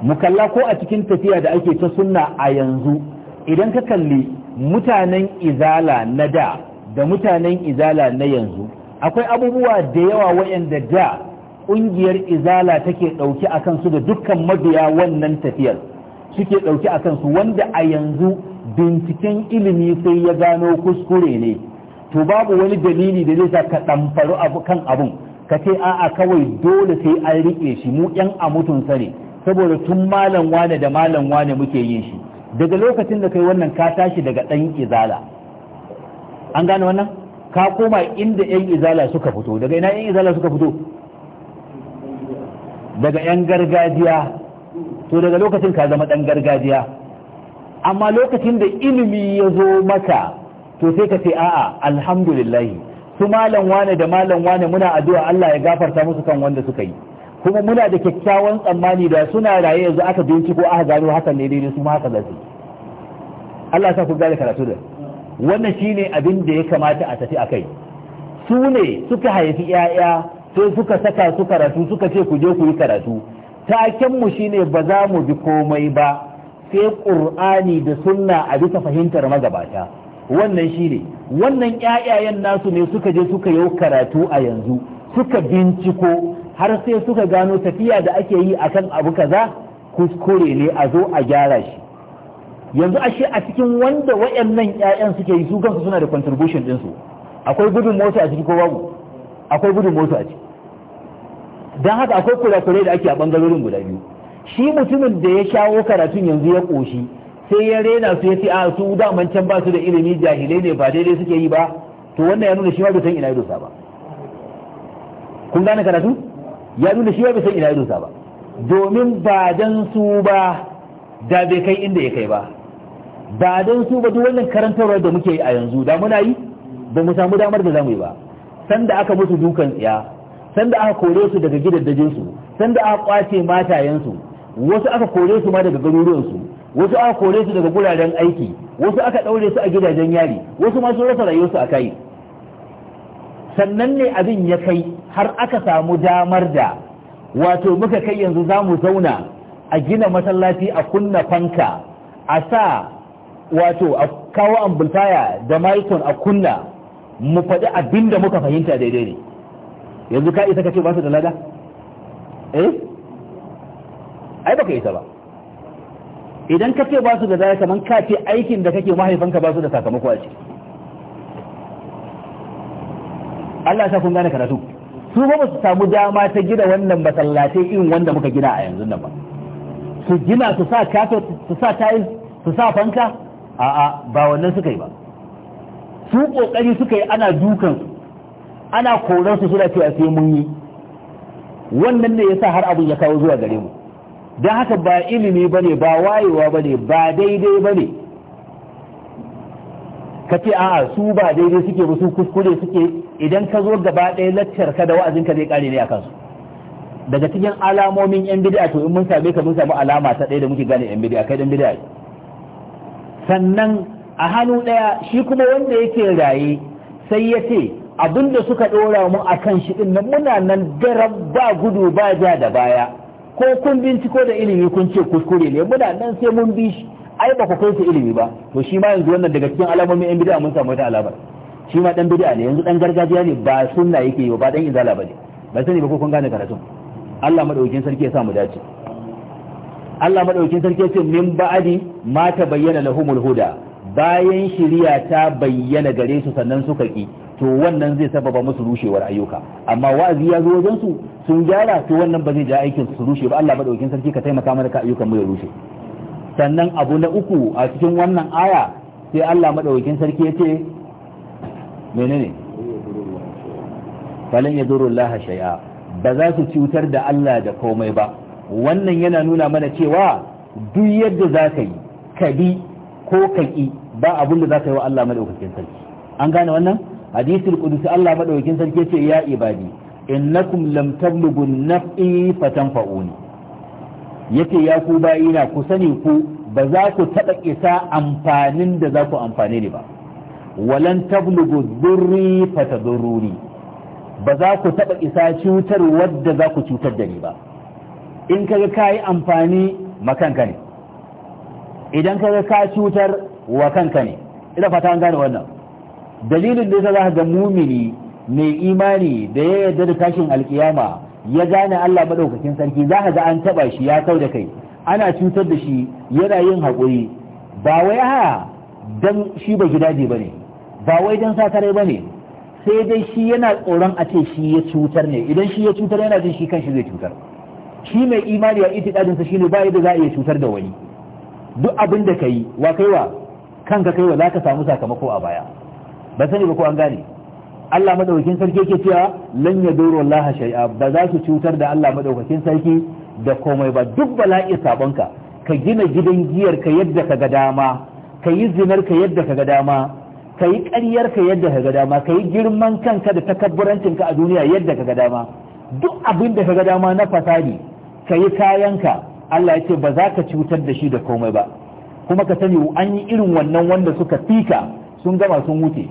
Speaker 1: mu kalla ko a cikin tafiya da ake ta sunna a yanzu idan ka kalli mutanen izala na da da mutanen izala na yanzu akwai abubuwa da yawa waɗanda da ƙungiyar izala take ɗauki a kansu da dukkan mabiya wannan tafiyar suke ɗauki a kansu wanda a yanzu binciken ilimi sai ya gano kuskure ne to babu wani dalili da zai sa ka ɗamfaru kan abun ka ce a'a kawai dole sai an riƙe shi mu a amutunsa ne saboda tun malam wane da malam wane muke yin shi daga lokacin da kai wannan ka tashi daga ɗan izala an gane wannan ka koma inda ƴan izala suka fito daga ina ƴan izala suka fito daga ƴan gargajiya to daga lokacin ka zama ɗan gargajiya amma lokacin da ilimi ya zo maka to sai ka ce a'a alhamdulillahi su malam wane da malam wane muna addu'a Allah ya gafarta musu kan wanda suka yi kuma muna da kyakkyawan tsammani da suna raye yanzu aka binciko aka gano hakan ne daidai su ma haka zasu Allah sa ku gane karatu da wannan shine abin da ya kamata a tafi akai su ne suka haifi 'ya'ya sai suka saka su karatu suka ce ku je ku yi karatu taken mu shine ba za mu bi komai ba sai qur'ani da sunna a bisa fahimtar magabata wannan shi ne, wannan ƴaƴayen nasu ne suka je suka yau karatu a yanzu suka binciko har sai suka gano tafiya da ake yi akan abu kaza kuskure ne a zo a gyara shi yanzu ashe a cikin wanda nan ƴaƴan suke yi su kansu suna da contribution din su akwai gudun mota a ciki ko babu akwai gudun mota a ciki don haka akwai kurakurai da ake a bangarorin guda biyu shi mutumin da ya shawo karatun yanzu ya ƙoshi, sai ya rena su ya ce a ah, su daman can ba su da ilimi jahilai ne ba daidai suke yi ba to wannan ya nuna shi ma bai san ina ya dosa ba kun gane karatu ya nuna shi ma bai san ina ya dosa ba domin ba dan su ba da bai kai inda ya kai ba ba dan su ba duk wannan karantarwa da muke yi a yanzu da muna yi ba mu samu damar da zamu yi ba sanda aka musu dukan tsiya sanda aka kore su daga gidaddajin su sanda aka kwace matayen su wasu aka kore su ma daga garuruwansu wasu aka kore su daga guraren aiki wasu aka ɗaure su a gidajen yari wasu ma sun rasa rayuwarsu a kai sannan ne abin ya kai har aka samu damar da wato muka kai yanzu za mu zauna a gina masallaci a kunna fanka a sa wato a kawo ambultaya da maiton a kunna mu faɗi abin muka fahimta daidai ne yanzu ka isa ka ce ba su da lada eh ai baka yi ta ba idan ka ce ba su da zai kaman ka ce aikin da kake mahaifanka ba su da sakamako a ciki Allah ya sa kun gane karatu su ba su samu dama ta gina wannan masallatai irin wanda muka gina a yanzu nan ba su gina su sa kafe su sa tiles su sa fanka a'a ba wannan suka yi ba su kokari suka yi ana dukan ana koran su suna cewa sai mun yi wannan ne yasa har abin ya kawo zuwa gare mu don haka ba ilimi ba ne ba wayewa ba ne ba daidai ba ne ka ce a su ba daidai suke ba su kuskure suke idan ka zo gaba ɗaya lakcar ka da wa'azin ka zai ƙare ne a kansu daga cikin alamomin yan bid'a to in mun same ka mun samu alama ta ɗaya da muke gane yan bid'a kai dan bid'a sannan a hannu ɗaya shi kuma wanda yake raye sai ya ce abinda suka ɗora mu akan shi ɗin nan muna nan garab ba gudu ba ja da baya ko kun binciko da ilimi kun ce kuskure ne muna nan sai mun bi shi ai ba ku kai su ilimi ba to shi ma yanzu wannan daga cikin alamomin yan bid'a mun samu wata alamar shi ma dan bid'a ne yanzu dan gargajiya ne ba sunna yake yi ba dan izala bane ba sani ba ko kun gane karatun Allah madaukakin sarki ya sa mu dace Allah madaukakin sarki ya ce min ba'adi ma bayyana lahumul huda bayan shiriya ta bayyana gare su sannan suka ki to wannan zai sababa musu rushewar ayyuka amma wa'azi ya zo wajen su sun gyara to wannan ba zai ja aikin su rushe ba Allah madaukakin sarki ka taimaka mana ka ayyukan mu ya rushe sannan abu na uku a cikin wannan aya sai Allah madaukakin sarki ya ce menene falan yadurru Allah shay'a ba za su cutar da Allah da komai ba wannan yana nuna mana cewa duk yadda za ka yi ka bi ko ka ƙi ba abin da za ka yi wa Allah madaukakin sarki an gane wannan hadisul qudusi Allah madaukakin sarki ce ya ibadi innakum lam tablughu naf'i fatanfa'uni yake ya ku bayina ku sani ku ba za ku taɓa isa amfanin da za ku amfane ni ba walan tablughu durri fatadurruni ba za ku taɓa isa cutar wadda za ku cutar da ni ba in kaga ka yi amfani makanka ne idan kaga ka cutar wa kanka ne ina fata an gane wannan dalilin da yasa zaka ga mumini mai imani da ya yarda da tashin alkiyama ya gane Allah madaukakin sarki za ka ga an taba shi ya kau da kai ana cutar da shi yana yin haƙuri ba wai ha dan shi ba gidaje bane ba wai dan sakare bane sai dai shi yana tsoron a ce shi ya cutar ne idan shi ya cutar yana jin shi kan kanshi zai cutar shi mai imani a itikadin sa ne ba yadda za a iya cutar da wani duk abin da kai wa kaiwa kanka kaiwa ka samu sakamako a baya ba sani ba ko an gane Allah madaukakin sarki yake cewa lan yaduru Allah shay'a ba za su cutar da Allah madaukakin sarki da komai ba duk bala'i sabonka ka gina gidan giyar ka yadda ka ga dama ka yi zinar ka yadda ka ga dama ka yi ƙaryar ka yadda ka ga dama ka yi girman kanka da takabburancin ka a duniya yadda ka ga dama duk abin da ka ga dama na fasadi ka yi kayanka Allah ya ce ba za ka cutar da shi da komai ba kuma ka sani an yi irin wannan wanda suka fika sun gama sun wuce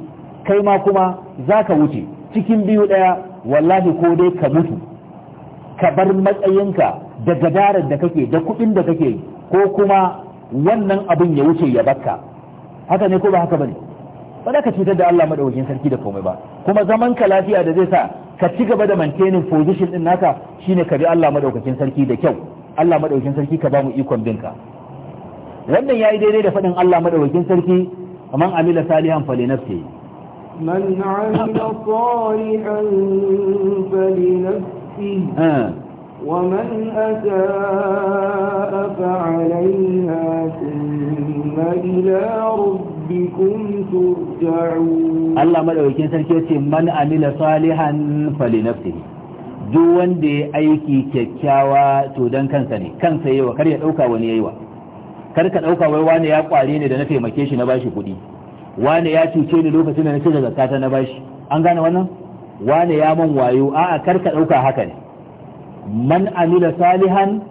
Speaker 1: kai ma kuma za ka wuce cikin biyu ɗaya wallahi ko dai ka mutu ka bar matsayinka da gadarar da kake da kuɗin da kake ko kuma wannan abin ya wuce ya bakka haka ne ko ba haka bane ba za ka cutar da Allah madaukakin sarki da komai ba kuma zaman ka lafiya da zai sa ka ci gaba da maintaining position din naka shine ka bi Allah madaukakin sarki da kyau Allah madaukakin sarki ka ba mu ikon binka wannan yayi daidai da faɗin Allah madaukakin sarki kaman amila salihan fali nafsi
Speaker 2: من عمل صالحا فلنفسه ومن أساء فعليها ثم إلى ربكم ترجعون
Speaker 1: الله ملوكين سنكيوتي من عمل صالحا فلنفسه duk wanda ya aiki kyakkyawa to don kansa ne kansa wa kar ya ɗauka wani yayi wa kar ka ɗauka wai wani ya ƙware ne da na taimake shi na bashi kuɗi wane ya cuce ni lokacin da na zakka zakata na bashi an gane wannan wane ya man wayo a'a kar ka dauka haka ne man amila salihan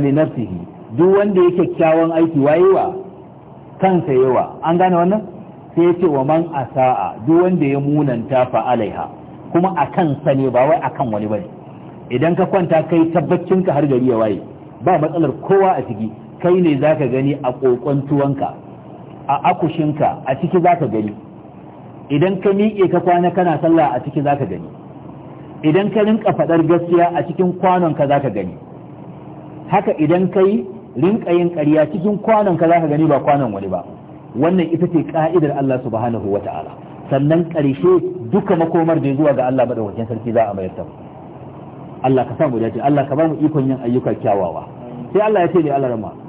Speaker 1: li nafsihi duk wanda ya kyakkyawan aiki wayewa kansa yawa an gane wannan sai yace wa man asa'a duk wanda ya munanta fa alaiha kuma a kansa ne ba wai akan wani bane idan ka kwanta kai tabbacin ka har gari ya waye ba matsalar kowa a ciki kai ne zaka gani a kokon tuwanka a akushinka a ciki za ka gani idan ka miƙe ka kwana kana sallah a ciki za ka gani idan ka rinka faɗar gaskiya a cikin kwanonka za ka gani haka idan ka yi rinka yin ƙarya cikin kwanonka za ka gani ba kwanon wani ba wannan ita ce ƙa'idar Allah subhanahu wa ta'ala sannan ƙarshe duka makomar da zuwa ga Allah wajen sarki za a mayar ta Allah ka samu dace Allah ka ba mu ikon yin ayyuka kyawawa sai Allah ya ce ne Allah rahma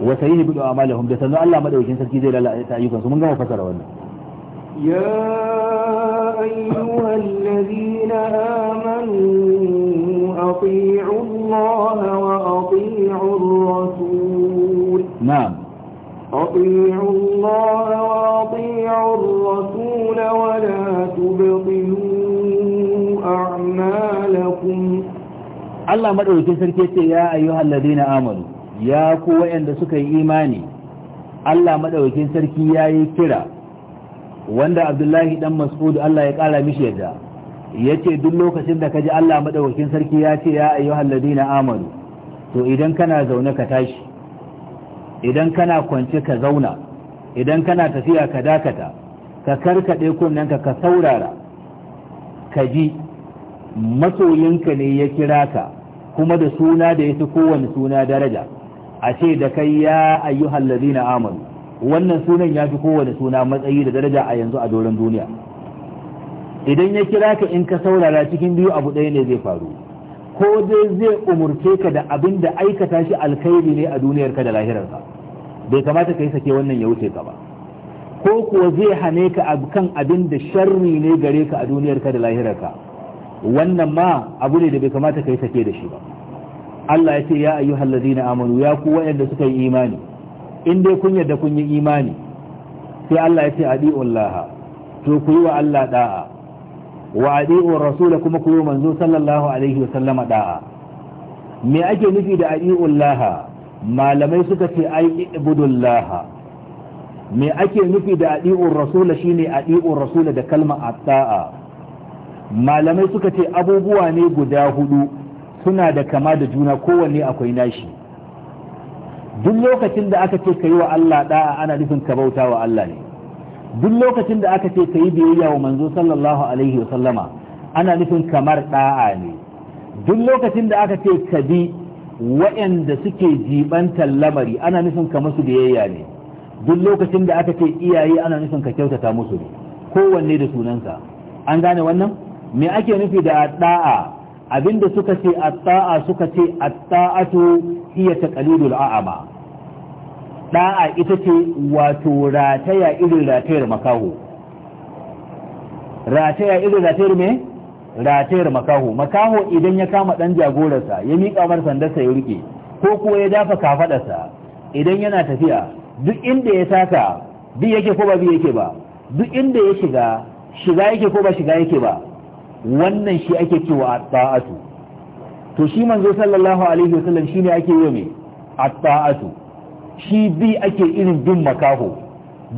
Speaker 1: wa sayyidu bi amalihum da sanan Allah madaukakin sarki zai lalata a su mun gama fasara wannan
Speaker 2: ya ayyuhal ladina amanu ati'u Allah wa ati'u ar أطيعوا الله وأطيعوا الرسول ولا تبطلوا أعمالكم الله مدعو كسر كيسي يا أيها الذين
Speaker 1: آمنوا ya ku waɗanda suka yi imani Allah madaukakin sarki yayi kira wanda Abdullahi dan Mas'ud Allah ya kara mishi yadda yace duk lokacin da ka kaji Allah madaukakin sarki ya ce ya ayyuhal alladina amanu to idan kana zaune ka tashi idan kana kwance ka zauna idan kana tafiya ka dakata ka karkade kunnen ka ka saurara ka ji masoyinka ne ya kira ka kuma da suna da ya fi kowane suna daraja a ce da kai ya ayyu halazi na amanu wannan sunan ya fi kowane suna matsayi da daraja a yanzu a doron duniya idan ya kira ka in ka saurara cikin biyu abu ɗaya ne zai faru ko dai zai umurce ka da abin da aikata shi alkhairi ne a duniyarka da lahirarka bai kamata ka yi sake wannan ya wuce ka ba ko kuwa zai hane ka kan abin da sharri ne gare ka a duniyarka da lahirarka wannan ma abu ne da bai kamata ka yi sake da shi ba Allah ya ce ya ayyuhal ladina amanu ya ku waɗanda suka yi imani in dai kun yarda kun yi imani sai Allah ya ce adi'ullaha to ku yi wa Allah da'a wa adi'ur rasul kuma ku yi manzo sallallahu alaihi wa sallama da'a me ake nufi da adi'ullaha malamai suka ce ai ibudullaha me ake nufi da adi'ur rasul shine adi'ur rasul da kalma at malamai suka ce abubuwa ne guda hudu suna da kama da juna kowanne akwai nashi duk lokacin da aka ce ka yi wa Allah da'a ana nufin ka bauta wa Allah ne duk lokacin da aka ce ka yi biyayya wa manzo sallallahu alaihi wa sallama ana nufin kamar da'a ne duk lokacin da aka ce ka bi waɗanda suke jibantar lamari ana nufin ka musu biyayya ne duk lokacin da aka ce iyaye ana nufin ka kyautata musu ne kowanne da sunansa an gane wannan me ake nufi da da'a abinda suka ce atta'a suka ce atta'atu hiya taqlidul a'ama da'a ita ce wato rataya irin ratayar makaho rataya irin ratayar me ratayar makaho makaho idan ya kama dan jagoransa ya miƙa mar sandarsa ya rike ko kuwa ya dafa kafadarsa idan yana tafiya duk inda ya taka bi yake ko ba bi yake ba duk inda ya shiga shiga yake ko ba shiga yake ba wannan shi ake cewa at-ta'atu to shi manzo sallallahu alaihi wasallam shine ake yi mai at-ta'atu shi bi ake irin bin makaho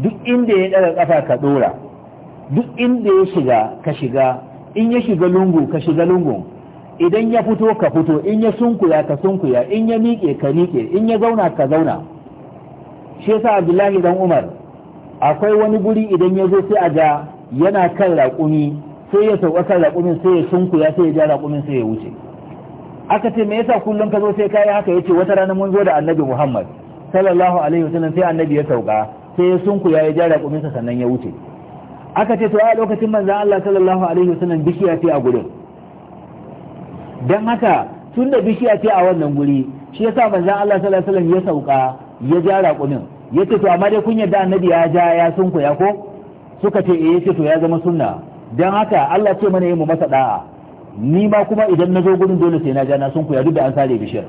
Speaker 1: duk inda ya daga kafa ka dora duk inda ya shiga ka shiga in ya shiga lungu ka shiga lungu idan ya fito ka fito in ya sunkuya ka sunkuya in ya miƙe ka miƙe in ya zauna ka zauna shi yasa abdullahi dan umar akwai wani guri idan ya zo sai a ga yana kan raƙumi sai ya sauka kan raƙumin sai ya ya sai ya ja raƙumin sai ya wuce aka ce me yasa kullum ka zo sai kai haka yace wata rana mun zo da annabi Muhammad sallallahu alaihi wasallam sai annabi ya sauka sai ya sunku ya ja raƙumin sa sannan ya wuce aka ce to a lokacin manzon Allah sallallahu alaihi wasallam bishiya ce a gurin dan haka tun da bishiya ce a wannan guri shi yasa manzon Allah sallallahu alaihi wasallam ya sauka ya ja raƙumin yace to amma dai kun yarda annabi ya ja ya sunkuya ko suka ce eh yace to ya zama sunna Don haka Allah ce mana yi mu masa da'a ni ma kuma idan na zo gudun dole sai na ja na sun kuya duk da an sare bishiyar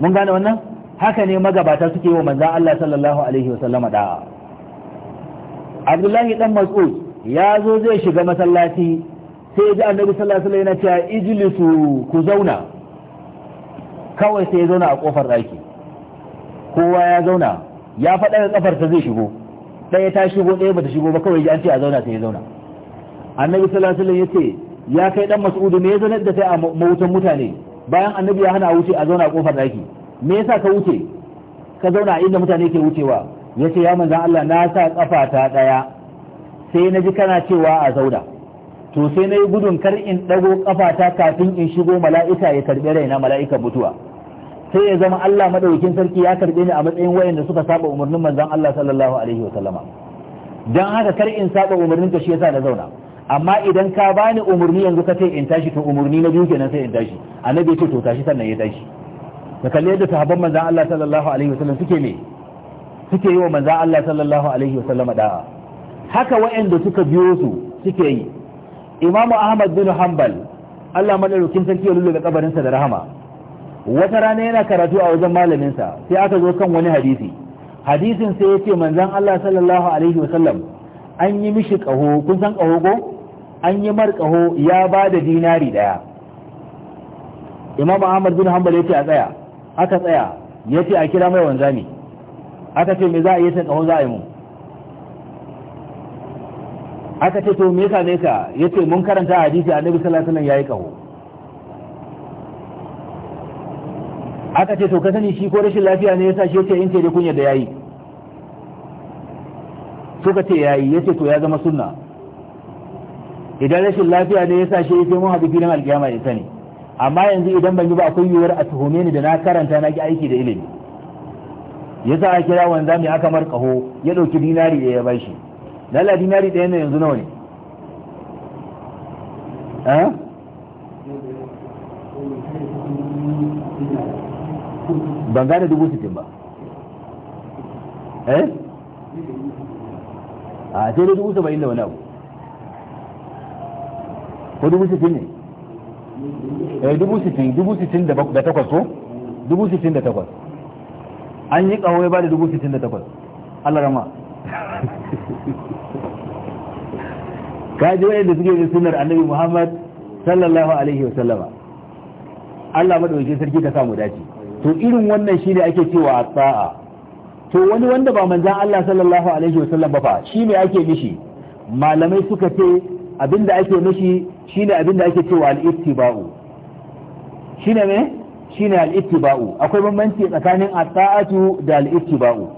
Speaker 1: mun gane wannan haka ne magabata suke yi wa manzan Allah sallallahu alaihi wa da'a Abdullahi dan Mas'ud ya zo zai shiga masallaci sai ji annabi sallallahu alaihi yana cewa ijlisu ku zauna kawai sai ya zauna a kofar daki kowa ya zauna ya faɗa da kafar zai shigo ɗaya ta shigo ɗaya bata shigo ba kawai ji an ce a zauna sai ya zauna annabi sallallahu alaihi yace ya kai dan mas'udu me ya zanar da kai a mawutan mutane bayan annabi ya hana wuce a zauna a kofar daki me yasa ka wuce ka zauna a inda mutane ke wucewa yace ya manzan Allah na sa kafa ta daya sai na ji kana cewa a zauna to sai na yi gudun kar in dago kafa ta kafin in shigo mala'ika ya karbi raina mala'ikan mutuwa sai ya zama Allah madaukin sarki ya karbe ni a matsayin wayanda suka saba umarnin manzon Allah sallallahu alaihi wa sallama dan haka kar in saba umarnin ka shi yasa na zauna amma idan ka bani umarni yanzu ka ce in tashi to umarni na biyu kenan sai in tashi annabi ya ce to tashi sannan ya tashi ka kalli yadda sahabban manzon Allah sallallahu alaihi wasallam suke ne suke yi wa manzon Allah sallallahu alaihi wasallam da'a haka waɗanda suka biyo su suke yi Imam Ahmad bin Hanbal Allah madaukakin sarki ya lullube kabarinsa da rahama wata rana yana karatu a wajen malaminsa sai aka zo kan wani hadisi hadisin sai ya ce manzon Allah sallallahu alaihi wasallam an yi mishi kaho kun san kaho ko an yi marƙaho ya ba da dinari ɗaya imam ahmad bin hanbal ya ce a tsaya aka tsaya ya ce a kira mai wanzami aka ce me za a yi sai kaho za a yi mu aka ce to me ka ne ka ya ce mun karanta hadisi annabi sallallahu alaihi wasallam ya yi aka ce to ka sani shi ko rashin lafiya ne yasa shi yace in ce da kunya da yayi suka ce yayi yace to ya zama sunna idan rashin lafiya ne ya sa shi ya mun haɗu filin alƙiyama ya sani amma yanzu idan ban yi ba akwai yiwuwar a tuhume ni da na karanta na ki aiki da ilimi ya sa kira wanza mai aka mar kaho ya ɗauki dinari ɗaya ya bai shi lalla dinari ɗaya ne yanzu nawa ne ban gane dubu sittin ba eh a sai da dubu saba'in da wani abu ko dubu sittin ne eh dubu sittin dubu sittin da takwas ko dubu sittin da takwas an yi kawai ya ba da dubu sittin da takwas Allah rama *laughs* ka ji wani da suke da sunar annabi muhammad sallallahu alaihi wa sallama Allah madaukakin sarki ka samu dace to irin wannan shi ne ake cewa sa'a to wani wanda ba manzan Allah sallallahu alaihi wa sallam ba fa shi ne ake mishi malamai suka ce abinda ake mishi shine abin da ake cewa al-ittiba'u shine me shine al-ittiba'u akwai bambanci tsakanin at-ta'atu da al-ittiba'u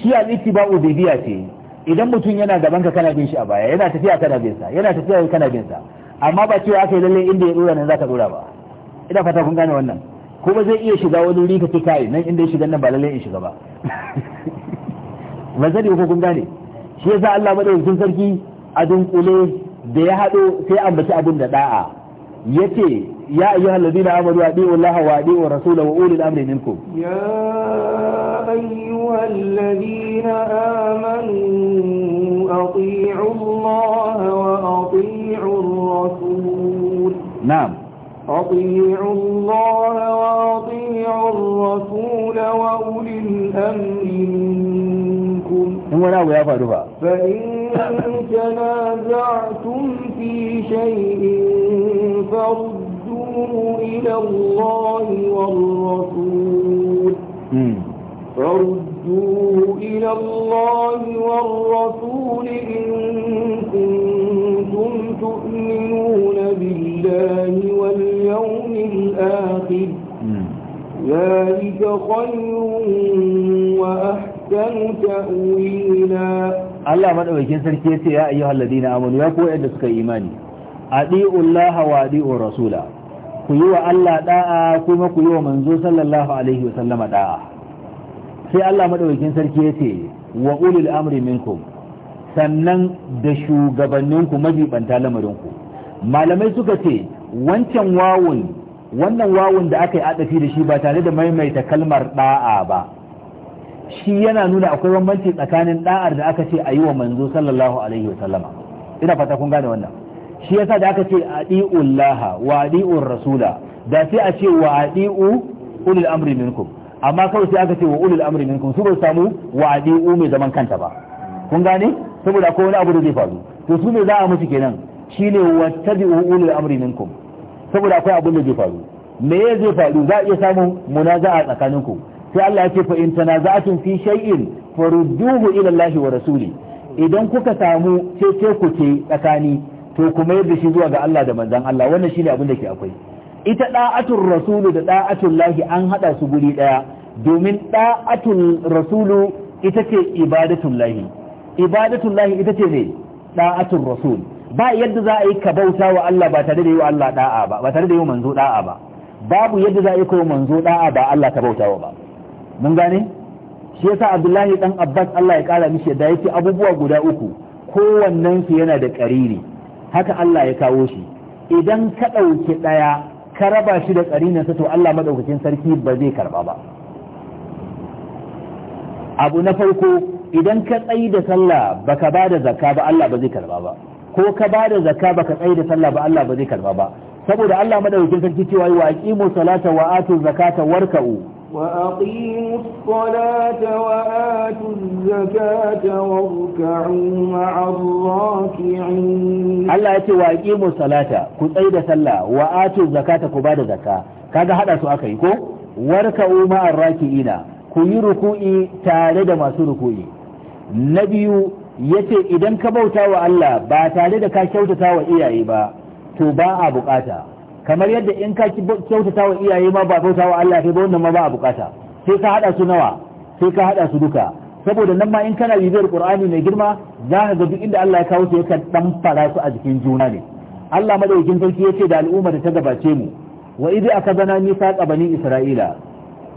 Speaker 1: shi al-ittiba'u bibiya ce idan mutum yana gaban ka kana bin shi a baya yana tafiya kana bin sa yana tafiya kana bin sa amma ba cewa aka yi lalle inda ya dora nan zaka dora ba ina fata kun gane wannan ko ba zai iya shiga wani wuri ka ce kai nan inda ya shiga nan ba lalle in shiga ba *laughs* ba zai ko kun gane shi yasa Allah madaukakin sarki a dunkule da ya haɗo sai ambaci abin da da'a yace ya ayyuhal ladina amanu adi'u Allah wa adi'u rasula wa ulil amri minkum
Speaker 2: ya ayyuhal ladina amanu ati'u Allah wa ati'u rasul na'am أطيعوا الله وأطيعوا الرسول وأولي الأمر
Speaker 1: أمركم هنا ويفعلها
Speaker 2: فإن تنازعتم في شيء فردوه إلى الله والرسول فردوه إلى الله والرسول إن كنتم تؤمنون بالله واليوم الآخر ذلك خير وأحسن ahsanu ta'wila Allah madaukakin
Speaker 1: sarki yace ya ayyuhal ladina amanu ya koyar da suka imani adiullaha wa adiur rasula ku yi wa Allah da'a kuma ku yi wa manzo sallallahu alaihi wa sallama da'a sai Allah madaukakin sarki yace wa ulil amri minkum sannan da shugabanninku majibanta lamarinku malamai suka ce wancan wawun wannan wawun da aka yi adafi da shi ba tare da maimaita kalmar da'a ba shi yana nuna akwai bambanci tsakanin da'ar da aka ce a yi wa manzo sallallahu alaihi wasallama ina fata kun gane wannan shi yasa da aka ce Laha wa adi'ur rasula da sai a ce wa adi'u ulul amri minkum amma kawai sai aka ce wa ulul amri minkum su ba samu wa adi'u mai zaman kanta ba kun gane saboda akwai wani abu da zai faru to su ne za a musu kenan shine wattabi'u ulul amri minkum saboda akwai abu da zai faru me zai faru za a iya samu munaza'a tsakaninku sai Allah ya ce fa in tanaza'tum fi shay'in farudduhu ila Allahi wa rasuli idan kuka samu cece ku ce tsakani to kuma yadda shi zuwa ga Allah da manzon Allah wannan shine abin da ke akwai ita da'atul rasulu da da'atul lahi an hada su guri daya domin da'atul rasulu ita ce ibadatul lahi ibadatul lahi ita ce ne da'atul rasul ba yadda za a yi ka bauta wa Allah ba tare da yi wa Allah da'a ba ba tare da yi manzo da'a ba babu yadda za a yi ka manzo da'a ba Allah ka bauta wa ba mun gane shi yasa abdullahi dan abbas allah ya kara mishi da yake abubuwa guda uku kowannen su yana da kariri haka allah ya kawo shi idan ka ɗauki ɗaya ka raba shi da ƙarinansa to allah maɗaukakin sarki ba zai karba ba abu na farko idan ka tsayi da sallah baka ba da zakka ba allah ba zai karba ba ko ka ba da zakka baka tsayi da sallah ba allah ba zai karba ba saboda allah madaukakin sarki cewa wa aqimu salata wa atu zakata warka'u
Speaker 2: وأقيموا الصلاة وآتوا الزكاة واركعوا مع الراكعين الله
Speaker 1: يأتي وأقيموا الصلاة كتايد صلى وآتوا الزكاة كبار زكاة كذا هذا سؤالكيكو واركعوا مع الراكعين كي ركوئي تارد ما سركوئي نبي yace idan ka bauta wa Allah ba tare da ka kyautata wa iyaye ba to ba a bukata kamar yadda in ka kyautata wa iyaye ma ba bauta wa Allah kai ba wannan ma ba a bukata sai ka hada su nawa sai ka hada su duka saboda nan ma in kana bibiyar Qur'ani mai girma za ka ga duk inda Allah ya kawo su yakan dan fara su a jikin juna ne Allah madaukakin sarki yace da al'umma ta gabace mu wa idh akadana mithaqa bani isra'ila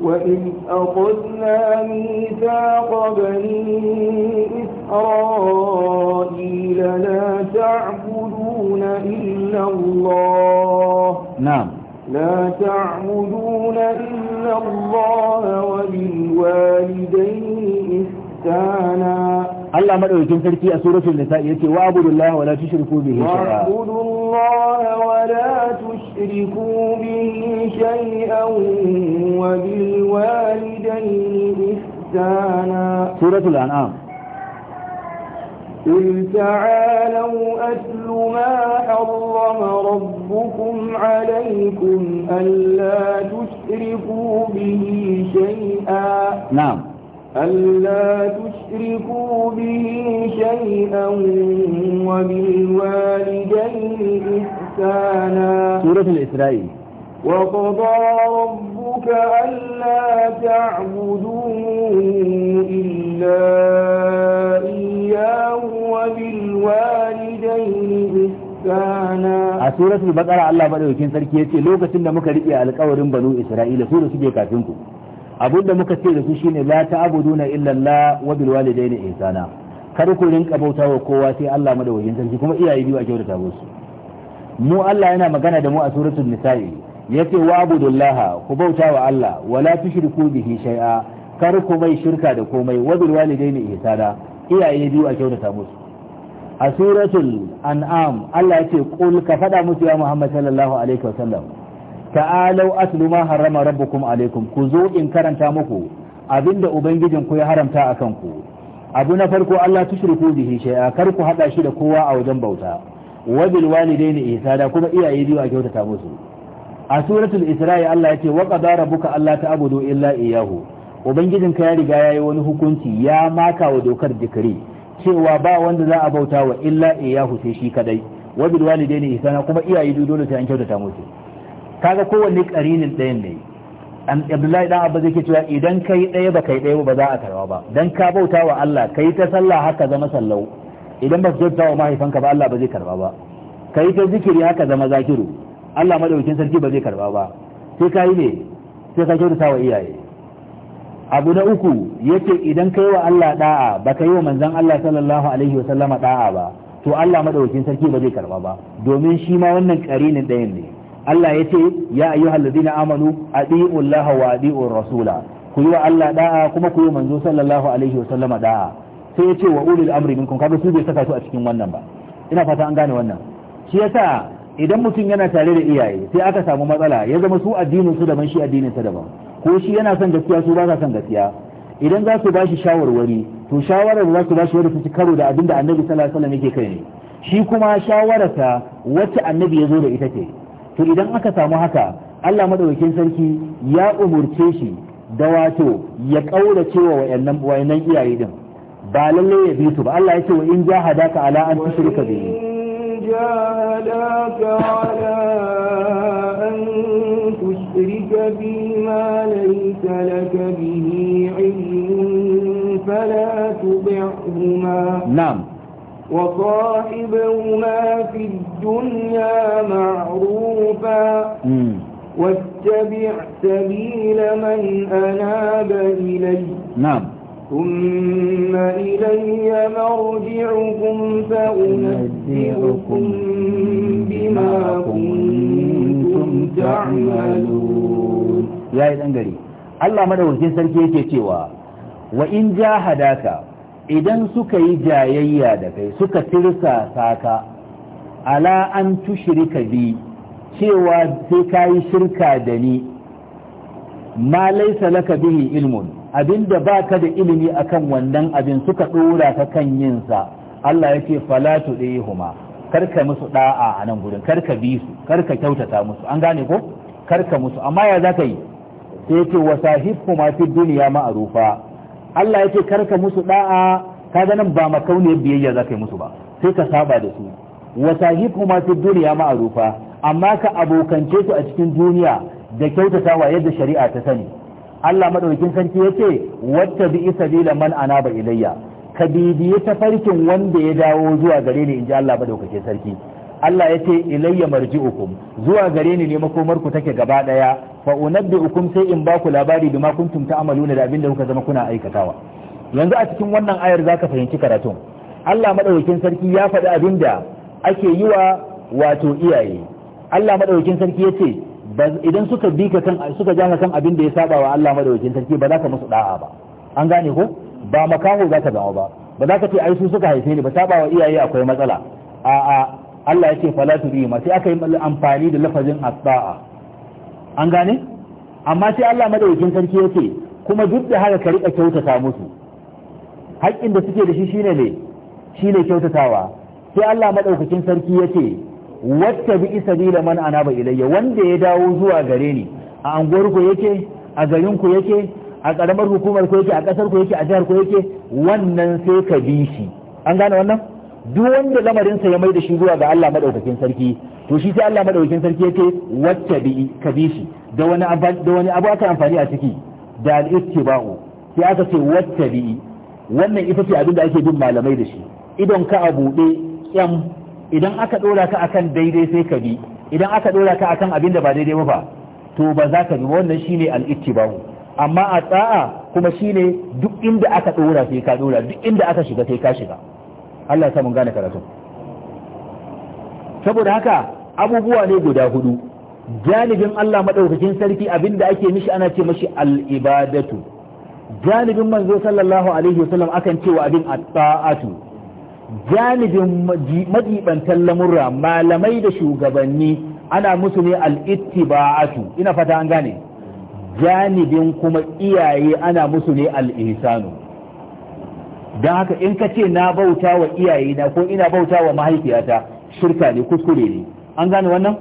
Speaker 2: وإن أخذنا ميثاق بني إسرائيل لا تعبدون إلا الله نعم لا تعبدون إلا الله وبالوالدين إحسانا
Speaker 1: Allah madaukakin sarki a suratul nisa yace wa abudullahi wala tushriku bihi shay'a wa
Speaker 2: abudullahi wala tushriku bihi shay'an wa bil walidayni ihsana suratul an'am قل تعالوا أتل ما حرم ربكم عليكم ألا تشركوا به شيئا نعم ألا تشركوا به شيئا وبالوالدين إحسانا سورة
Speaker 1: الإسرائيل
Speaker 2: وقضى ربك ألا تعبدوا إلا إياه وبالوالدين إحسانا a
Speaker 1: suratul baqara Allah madaukakin sarki ce, lokacin da muka riƙe alƙawarin banu Isra'ila su da suke kafin ku Abin da muka ce da su shine la ta'buduna illa Allah wa bil walidayni ihsana kar ku rinka bautawa kowa sai Allah madawajin sarki kuma iyaye biyu a kyautata musu mu Allah yana magana da mu a suratul nisa'i yace wa abudullaha ku bautawa Allah wala tushriku bihi shay'a kar ku mai shirka da komai wa bil walidayni ihsana iyaye biyu a kyautata musu a suratul an'am Allah yace qul ka fada musu ya Muhammad sallallahu alaihi wasallam ta'alau atlu ma harrama rabbukum alaikum ku zo in karanta muku abinda ubangijin ku ya haramta akan ku abu na farko Allah tushriku bihi shay'a kar ku hada shi da kowa a wajen bauta wa bil walidaini ihsana kuma iyaye biyu a kyautata musu a suratul isra'i Allah yace wa qadara rabbuka alla ta'budu illa iyyahu ubangijin ka ya riga yayi wani hukunci ya maka wa dokar dikiri cewa ba wanda za a bauta wa illa iyyahu sai shi kadai wa bil walidaini ihsana kuma iyaye biyu dole sai an kyautata musu kaga kowanne karinin ɗayan ne abdullahi dan abba zai ke cewa idan kai ɗaya ba kai ɗaya ba za a karawa ba dan ka bauta wa Allah kai ta sallah haka zama sallau idan ba su kyauta wa mahaifanka ba Allah ba zai karba ba kai ta zikiri haka zama zakiru Allah maɗaukin sarki ba zai karba ba sai ka yi ne sai ka kyauta wa iyaye abu na uku yace idan kai wa Allah da'a ba kai wa manzon Allah sallallahu alaihi wa sallama da'a ba to Allah maɗaukin sarki ba zai karba ba domin shi ma wannan karinin ɗayan ne Allah ya ce ya ayyuhal na amanu adi'u Allah wa adi'u rasula ku yi wa Allah da'a kuma ku yi manzo sallallahu alaihi wa sallama da'a sai ya ce wa ulil amri minkum kaga su bai saka su a cikin wannan ba ina fata an gane wannan shi yasa idan mutum yana tare da iyaye sai aka samu matsala ya zama su addinin su daban shi addinin sa daban ko shi yana son gaskiya su ba sa son gaskiya idan za su bashi shawarwari to shawarar da za su bashi wadda su karo da abin da annabi sallallahu alaihi wasallam yake kai ne shi kuma shawararsa wacce annabi ya zo da ita ce to idan aka samu haka Allah madaukakin sarki ya umurce shi da wato ya kaura cewa wayannan wayannan iyaye din ba lalle ya bi su ba Allah ya ce wa in jahadaka ala an tushrika bihi
Speaker 2: جاهداك على ala an tushrika ليس لك به علم فلا تبعهما نعم وصاحبهما في الدنيا الدنيا معروفا واتبع سبيل من أناب إلي نعم ثم إلي مرجعكم فأنبئكم بما كنتم
Speaker 1: تعملون يا إذن قريب الله مدى وكين سنكي كيوا وإن جاهداك idan suka yi jayayya da kai suka tirsa saka ala an tushrika bi cewa sai yi shirka da ni ma laisa laka bihi ilmun abinda baka da ilimi akan wannan abin suka dora ka kan yin sa Allah yake fala tudihuma karka musu da'a a nan gurin karka bi su karka kyautata musu an gane ko karka musu amma ya zaka yi sai yake ma fi dunya ma'rufa Allah yake karka musu da'a kaga nan ba makauniyar biyayya zaka yi musu ba sai ka saba da su wa kuma fi duniya ma'rufa amma ka abokance su a cikin duniya da kyautatawa yadda shari'a ta sani Allah madaukakin sarki yace wata bi sabila man ba ilayya ka bibiye ta farkin wanda ya dawo zuwa gare ni inji Allah madaukakin sarki Allah yace ce ilayya marji'ukum zuwa gare ni ne ku take gaba daya fa unabbi'ukum sai in ba ku labari ma kuntum ta'maluna da abin da kuka zama kuna aikatawa yanzu a cikin wannan ayar zaka fahimci karatun Allah madaukakin sarki ya faɗi abinda. ake yi wa wato iyaye Allah madaukakin sarki yace idan suka bi ka kan suka ja kan abin da ya saba wa Allah madaukakin sarki ba za ka musu da'a ba an gane ko ba makaho za ka zama ba ba za ka ce ai su suka haife ni ba saba wa iyaye akwai matsala a a Allah yake fala tu bi ma sai aka yi amfani da lafazin asba'a an gane amma sai Allah madaukakin sarki yace kuma duk da haka ka rika kyautata musu haƙƙin da suke da shi shine ne shine kyautatawa sai Allah madaukakin sarki yace wata bi sabila man ba ilayya wanda ya dawo zuwa gare ni a anguwar ku yake a garin ku yake a karamar hukumar ku yake a kasar ku yake a jihar ku yake wannan sai ka bi shi an gane wannan duk wanda lamarin ya mai da shi zuwa ga Allah madaukakin sarki to shi sai Allah madaukakin sarki yake wata bi ka bi shi da wani da wani abu aka amfani a ciki da al-ittiba'u sai aka ce wata bi wannan ita ce abin da ake bin malamai da shi idan ka a buɗe Ƴan idan aka ɗora ka akan daidai sai ka bi idan aka dora ka akan abin da ba daidai ba fa to ba za ka bi wannan shine al-ittiba'u amma a tsa'a kuma shine duk inda aka dora sai ka dora duk inda aka shiga sai ka shiga Allah ya sa mun gane karatu saboda haka abubuwa ne guda hudu janibin Allah madaukakin sarki abinda ake mishi ana ce mishi al-ibadatu janibin manzo sallallahu alaihi wasallam akan cewa abin at-ta'atu janibin majibantan lamurra malamai da shugabanni ana musu ne al'ittiba'atu ina fata an gane janibin kuma iyaye ana musu ne al'isanu don haka in ka ce na bauta wa iyaye na ko ina bauta wa mahaifiyata shirka ne kuskure ne an gane wannan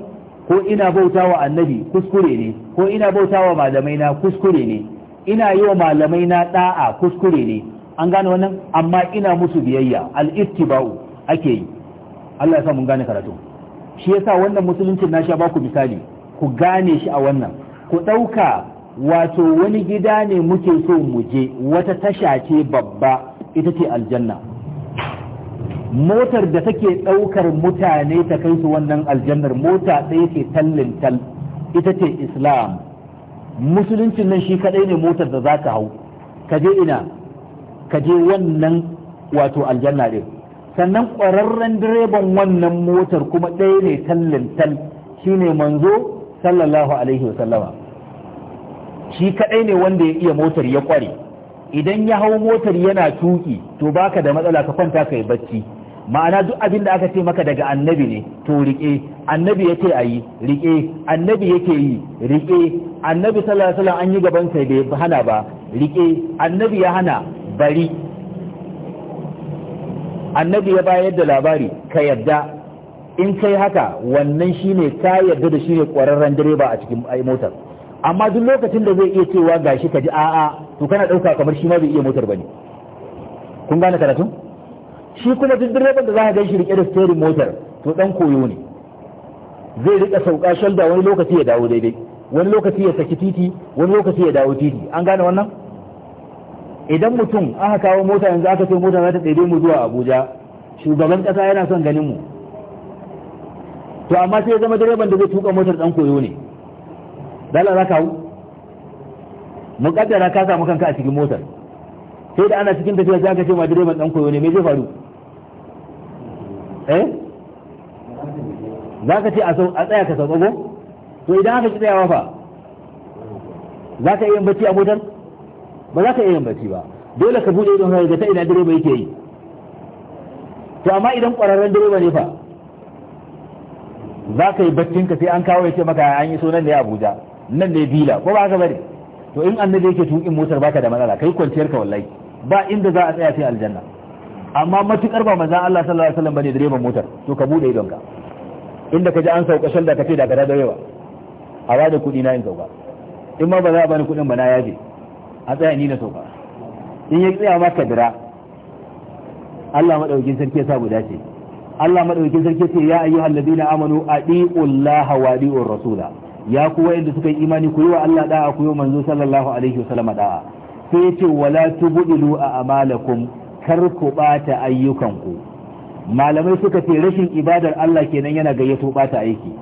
Speaker 1: ko ina bauta wa annabi kuskure ne ko ina bauta wa malamai na kuskure ne ina yi wa malamai na da'a kuskure ne an gane wannan amma ina musu biyayya al-ittiba'u ake yi Allah ya sa mun gane karatu shi yasa wannan musuluncin na sha ba ku misali ku gane shi a wannan ku ɗauka wato wani gida ne muke so mu je wata tasha ce babba ita ce aljanna motar da take ɗaukar mutane ta kai su wannan aljannar mota ɗaya ce tallin tal ita ce islam musuluncin nan shi kaɗai ne motar da za ka hau ka je ina ka je wannan wato aljanna din sannan ƙwararren direban wannan motar kuma ɗaya ne tallin shi ne manzo sallallahu alaihi wa sallama shi kaɗai ne wanda ya iya motar ya ƙware idan ya hau motar yana tuki to baka da matsala ka kwanta ka yi bacci ma'ana duk abin da aka ce maka daga annabi ne to riƙe annabi ya ce a yi riƙe annabi yake yi riƙe annabi sallallahu alaihi wasallam an yi gaban sai bai hana ba riƙe annabi ya hana bari annabi ya bayar da labari ka yadda in kai haka wannan shine ka yadda da shine kwararren direba a cikin motar amma duk lokacin da zai iya cewa gashi ka ji a'a to kana ɗauka kamar shi ma bai iya motar ne kun gane karatu shi kuma duk direban da zaka shi rike da steering motar to dan koyo ne zai rika sauka shalda wani lokaci ya dawo daidai wani lokaci ya saki titi wani lokaci ya dawo titi an gane wannan idan mutum aka kawo mota yanzu aka ce mota za ta tsere mu zuwa abuja shugaban kasa yana son ganin mu to amma sai ya zama direban da zai tuka motar dan koyo ne dala za ka hau mu kaddara ka samu kanka a cikin motar sai da ana cikin tafiya za ka ce ma direban dan koyo ne me zai faru eh za ka ce a tsaya ka sauka ko to idan aka ki tsayawa fa za ka iya bacci a motar ba za ka iya yin ba dole ka buɗe don ga ta ina direba yake yi to amma idan ƙwararren direba ne fa za ka yi baccin ka sai an kawo ya ce maka an yi so nan ne Abuja nan ne Bila ko ba ka bari? to in annabi yake tukin motar baka da matsala kai kwanciyar ka wallahi ba inda za a tsaya sai aljanna amma matukar ba manzon Allah sallallahu alaihi wasallam bane direban motar to ka bude idonka inda ka ji an sauka shalda ka ce da ka da yawa, a wada kudi na yin sauka in ma ba za a bani kudin ba na yaje a tsaya ni na sauka in ya tsaya maka dira Allah madaukakin sarki ya sa mu dace Allah madaukakin sarki ce ya ayyuhal ladina amanu adiullaha wa adiur rasula ya ku wayanda suka yi imani ku yi wa Allah da'a ku yi manzo sallallahu alaihi wasallam da'a sai ya ce wala tubdilu a amalakum kar ku bata ayyukanku malamai suka ce rashin ibadar Allah kenan yana gayyato bata aiki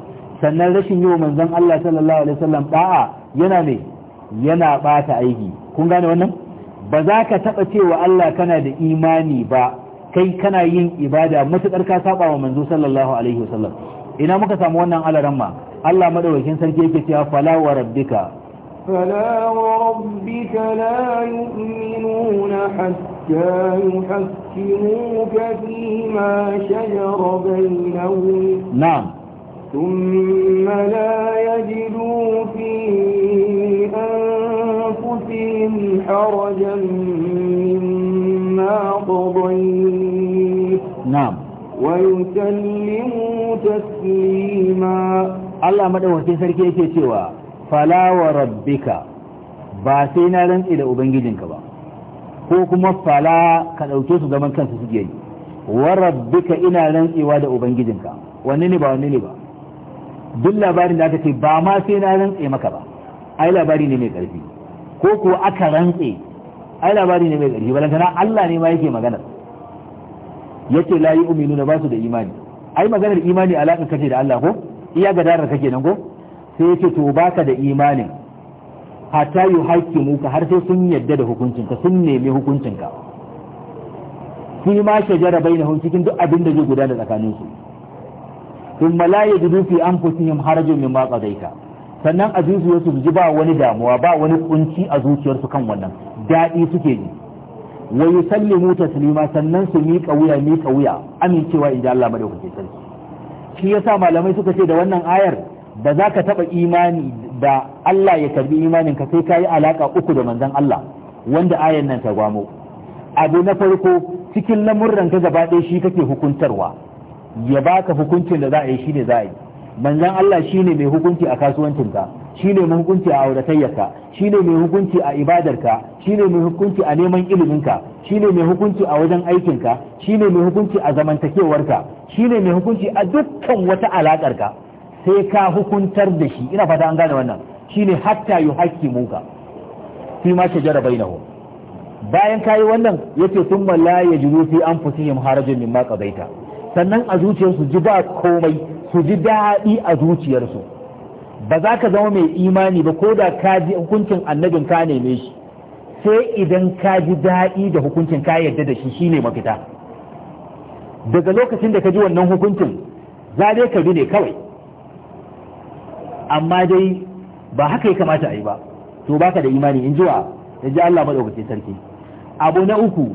Speaker 1: sannan rashin yi wa manzon Allah sallallahu alaihi wasallam da'a yana ne yana bata aiki kun gane wannan ba za ka taba cewa Allah kana da imani ba kai kana yin ibada matukar ka saba wa manzo sallallahu alaihi wasallam ina muka samu wannan alaran ma Allah madaukakin sarki yake cewa fala wa rabbika
Speaker 2: fala wa rabbika la yu'minuna hatta yuhaqqimuka fima shajara bainahum na'am ثم لا يجدوا في أنفسهم حرجا مما قضيت نعم ويسلموا تسليما الله مدوكين سركي
Speaker 1: yake cewa fala wa ba sai na rantsi da ubangijinka ba ko kuma fala ka dauke su zaman kansu suke yi wa ina rantsewa da ubangijinka wanne ne ba wanne ne ba duk labarin da aka ce ba ma sai na rantse maka ba ai labari ne mai ƙarfi ko ko aka rantse ai labari ne mai ƙarfi balantana Allah ne ma yake magana yace la yu'minu na basu da imani ai maganar imani alaƙa kace da Allah ko iya gadarar kake nan ko sai yace to baka da imanin hatta yuhakimu ka har sai sun yadda da hukuncinka sun nemi hukuncinka fi ma shajara bainahum cikin duk abin da zai gudana tsakaninsu su thumma la yajidu fi anfusihim harajan mimma qadaita sannan a zuciyarsu su ji ba wani damuwa ba wani kunci a zuciyarsu kan wannan daɗi suke ji wa yusallimu taslima sannan su miƙa wuya miƙa wuya amincewa inda Allah madaukakin sarki shi yasa malamai suka ce da wannan ayar ba za ka taɓa imani da Allah ya karbi imanin ka sai ka yi alaka uku da manzon Allah wanda ayar nan ta gwamo abu na farko cikin lamurran ka gaba ɗaya shi kake hukuntarwa ya baka hukuncin da za a yi shine za a yi manzan Allah shine mai hukunci a kasuwancinka shine mai hukunci a auratayyarka shine mai hukunci a ibadarka shine mai hukunci a neman iliminka shine mai hukunci a wajen aikinka shine mai hukunci a zamantakewarka shine mai hukunci a dukkan wata alakarka sai ka hukuntar da shi ina fata an gane wannan shine hatta muka. fi ma shajara nahu. bayan kayi wannan yace thumma la yajidu fi anfusihim harajan mimma qadaita sannan a zuciyarsu ji ba komai su ji daɗi a zuciyarsu ba za ka zama mai imani ba ko da ka ji hukuncin annabin ka neme shi sai idan ka ji daɗi da hukuncin ka yarda da shi shine mafita daga lokacin da ka ji wannan hukuncin za dai ka bi ne kawai amma dai ba haka ya kamata a yi ba to baka da imani in jiwa ya ji Allah madaukakin sarki abu na uku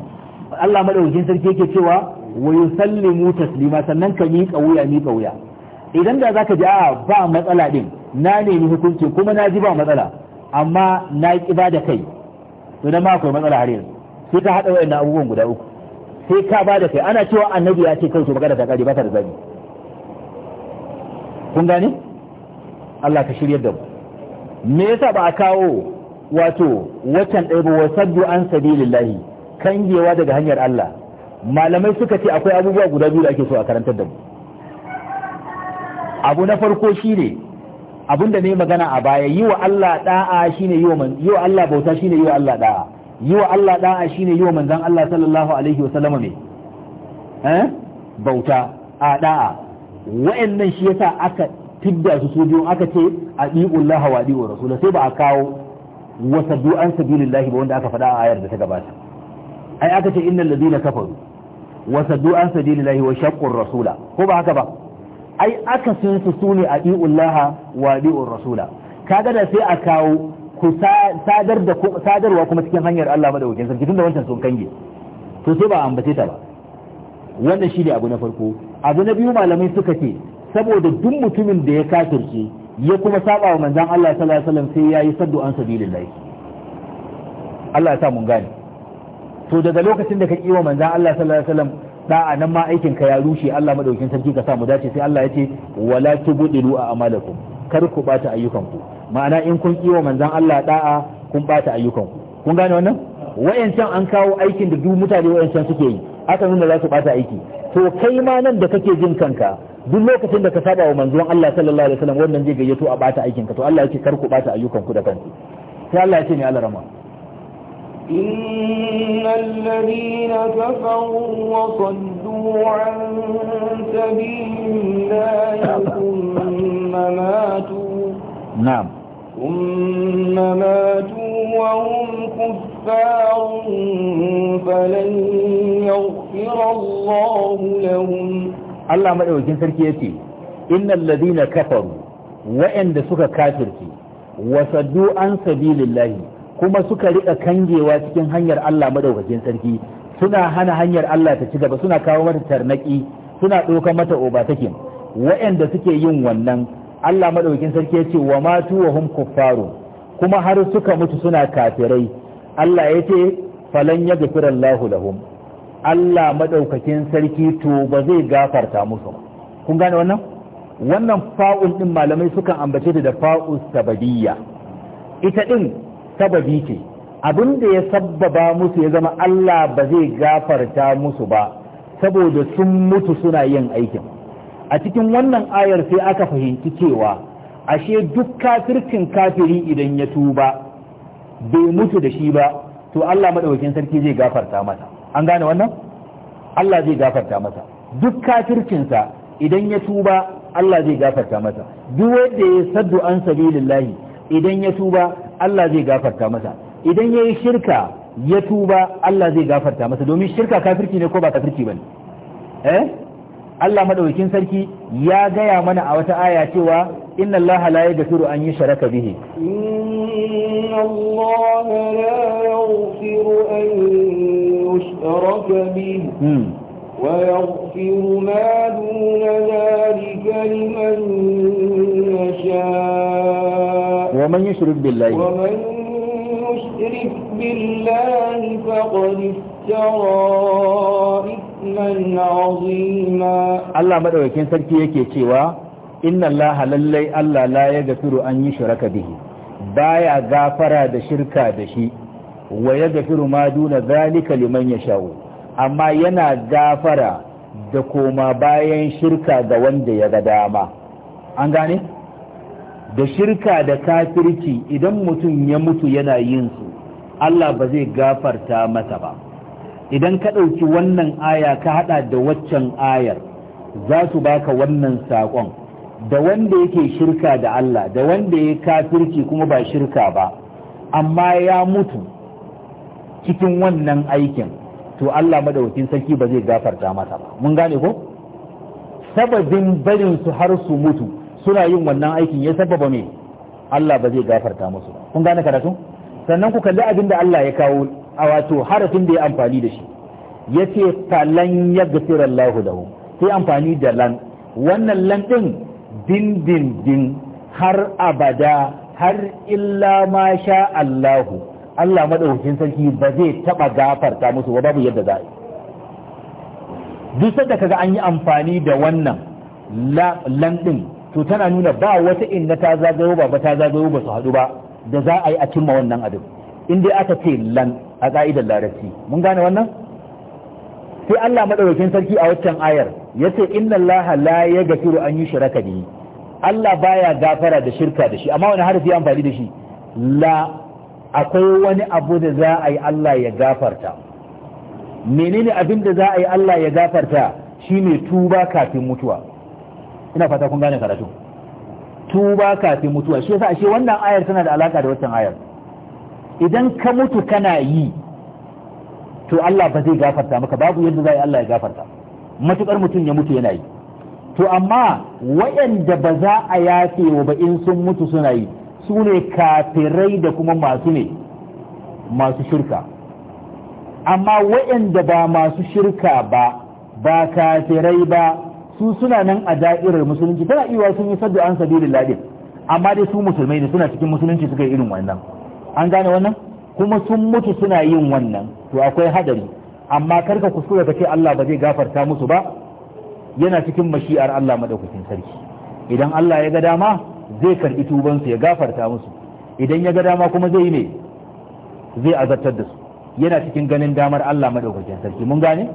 Speaker 1: Allah maɗaukacin sarki yake cewa wa yusallimu taslima sannan ka miƙa wuya miƙa wuya idan da zaka ji a ba matsala din na nemi hukunci kuma na ji ba matsala amma na ki ba da kai to dan ma akwai matsala har yanzu sai ka hada wayannan abubuwan guda uku sai ka ba da kai ana cewa annabi ya ce kai to magana ta kare ba ta da zabi kun gane Allah ka shiryar da mu me yasa ba a kawo wato watan ɗaya ba wasabdu an sabilillahi kangewa daga hanyar Allah malamai suka ce akwai abubuwa guda biyu da ake so a karantar da mu abu na farko shine abinda ne magana a baya yi wa Allah da'a shine yi wa yi wa Allah bauta shine yi wa Allah da'a yi wa Allah da'a shine yi wa manzon Allah sallallahu alaihi sallama me eh bauta a da'a wayannan shi yasa aka tidda su su biyo aka ce adiullaha wa adiur rasul sai ba a kawo wasa du'an sabilillahi ba wanda aka faɗa a ayar da ta gabata ai aka ce innal ladina kafaru wa saddu an wa shaqqur rasula ko ba haka ba ai aka su sune adiullaha wa adiur rasula kaga da sai a kawo ku sadar da sadarwa kuma cikin hanyar Allah madaukakin sarki tunda wancan sun kange to sai ba ambace ta ba wannan shi ne abu na farko abu na biyu malamai suka ce saboda duk mutumin da ya kafirce ya kuma saba wa manzon Allah sallallahu alaihi wasallam sai yayi saddu an Allah ya sa mun gane to daga lokacin da ka wa manzan Allah sallallahu alaihi wasallam da'a nan ma aikin ka ya rushe Allah madaukin sarki ka sa mu dace sai Allah ya ce wala tubdilu a amalakum kar ku bata ayyukanku ma'ana in kun wa manzan Allah da'a kun bata ayyukanku kun gane wannan wayancan an kawo aikin da duk mutane wayancan suke yi aka nuna za su bata aiki to kai ma nan da kake jin kanka duk lokacin da ka saba wa manzon Allah sallallahu alaihi wasallam wannan zai gayyato a bata aikin ka to Allah yake kar ku bata ayyukan ku da kanku sai Allah ya ce ni Allah rama
Speaker 2: إن الذين كفروا وصدوا عن سبيل الله ثم ماتوا نعم ثم ماتوا وهم كفار فلن يغفر الله لهم
Speaker 1: الله مدعوكين سركيتي إن الذين كفروا وإن سك كافرتي وصدوا عن سبيل الله kuma suka rika kangewa cikin hanyar Allah madaukakin sarki suna hana hanyar Allah ta ci gaba suna kawo mata tarnaki suna ɗaukar mata obatakin waɗanda suke yin wannan Allah madaukakin sarki ya ce wa matu wa hum kuffaru kuma har suka mutu suna kafirai Allah ya ce falan ya gafira Allahu lahum Allah madaukakin sarki to ba zai gafarta musu kun gane wannan wannan fa'ul din malamai sukan ambace da fa'us tabadiyya ita din sababi ce abin da ya sababa musu ya zama Allah ba zai gafarta musu ba saboda sun mutu suna yin aikin a cikin wannan ayar sai aka fahimci cewa ashe duk kafircin kafiri idan ya tuba bai mutu da shi ba to Allah madaukakin sarki zai gafarta masa an gane wannan Allah zai gafarta masa duk sa idan ya tuba Allah zai gafarta masa duk wanda ya saddu an sabilillahi idan ya tuba Allah zai gafarta masa idan ya yi shirka ya tuba Allah zai gafarta masa domin shirka kafirki ne ko ba kafirki ba ne eh Allah madaukin sarki ya gaya mana a wata aya cewa inna Allah la yaghfiru an yushraka bihi
Speaker 2: inna Allah la yaghfiru an yushraka bihi ويغفر ما دون ذلك لمن يشاء
Speaker 1: ومن يشرك بالله Allah maɗaukakin sarki yake cewa inna Allah lallai Allah laya ya ga firu an yi shiraka bihi ba gafara da shirka da shi waya gafiru ma duna zalika liman ya sha'u amma yana gafara da koma bayan shirka ga wanda ya ga dama an gane? da shirka da kafirci idan mutum ya mutu yana yin su Allah ba zai gafarta masa ba idan ka ɗauki wannan aya ka haɗa da waccan ayar za su baka wannan saƙon da wanda yake shirka da Allah da wanda ya kafirci kuma ba shirka ba amma ya mutu cikin wannan aikin to Allah madawacin sarki ba zai gafarta masa ba mun gane ko sababin barin su har su mutu suna yin wannan aikin ya sababa me Allah ba zai gafarta musu kun gane karatu sannan ku kalli abin da Allah ya kawo a wato harafin da ya amfani da shi yace ya gafira Allah hu, sai amfani da lan wannan lan din din din din har abada har illa ma sha Allah Allah madaukakin sarki ba zai taba gafarta musu ba babu yadda za duk da kaga an yi amfani da wannan lan din to tana nuna ba wata inna ta zagayo ba ta zagayo ba su haɗu ba da za a yi a cimma wannan abin in aka ce lan a ƙa'idar larabci mun gane wannan sai Allah madaukakin sarki a waccan ayar yace inna Allah la yaghfiru an yushraka bihi Allah baya gafara da shirka da shi amma wani harfi ya amfani da shi la akwai wani abu da za a yi Allah ya gafarta menene abin da za a yi Allah ya gafarta shine tuba kafin mutuwa ina fata kun gane karatu tuba kafin mutuwa shi yasa ashe wannan ayar tana da alaka da wannan ayar idan ka mutu kana yi to Allah ba zai gafarta maka babu yadda zai Allah ya gafarta matukar mutum ya mutu yana yi to amma wayanda ba za a yafe wa ba in sun mutu suna yi su ne kafirai da kuma masu ne masu shirka amma wayanda ba masu shirka ba ba kafirai ba su suna nan a da'irar musulunci tana iya sun yi saddu an sabi lillahi amma dai su musulmai ne suna cikin musulunci suka yi irin wannan an gane wannan kuma sun mutu suna yin wannan to akwai hadari amma karka kuskure ka ce Allah ba zai gafarta musu ba yana cikin mashi'ar Allah madaukakin sarki idan Allah ya ga dama zai karbi tuban su ya gafarta musu idan ya ga dama kuma zai ne zai azabtar da su yana cikin ganin damar Allah madaukakin sarki mun gane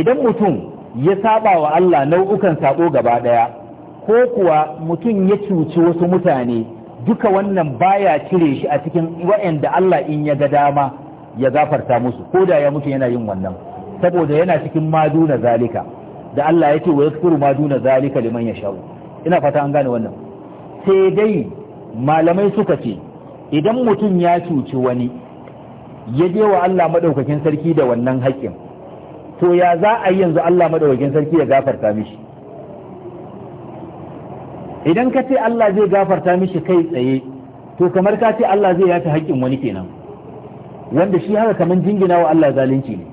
Speaker 1: idan mutum ya saba wa Allah nau'ukan saɓo gaba ɗaya, ko kuwa mutum ya cuci wasu mutane duka wannan baya cire shi a cikin wa'anda Allah in ya ga dama ya gafarta musu ko da ya mutu yana yin wannan saboda yana cikin maduna zalika da Allah ya ce wa yaskuru maduna zalika liman ya yasha ina fata an gane wannan sai dai malamai suka ce idan mutum ya cuci wani ya je wa Allah maɗaukakin sarki da wannan haƙƙin to ya za a yi yanzu Allah madawakin sarki ya gafarta mishi idan ka ce Allah zai gafarta mishi kai tsaye to kamar ka ce Allah zai yafi haƙƙin wani kenan wanda shi haka kamar jingina wa Allah zalunci ne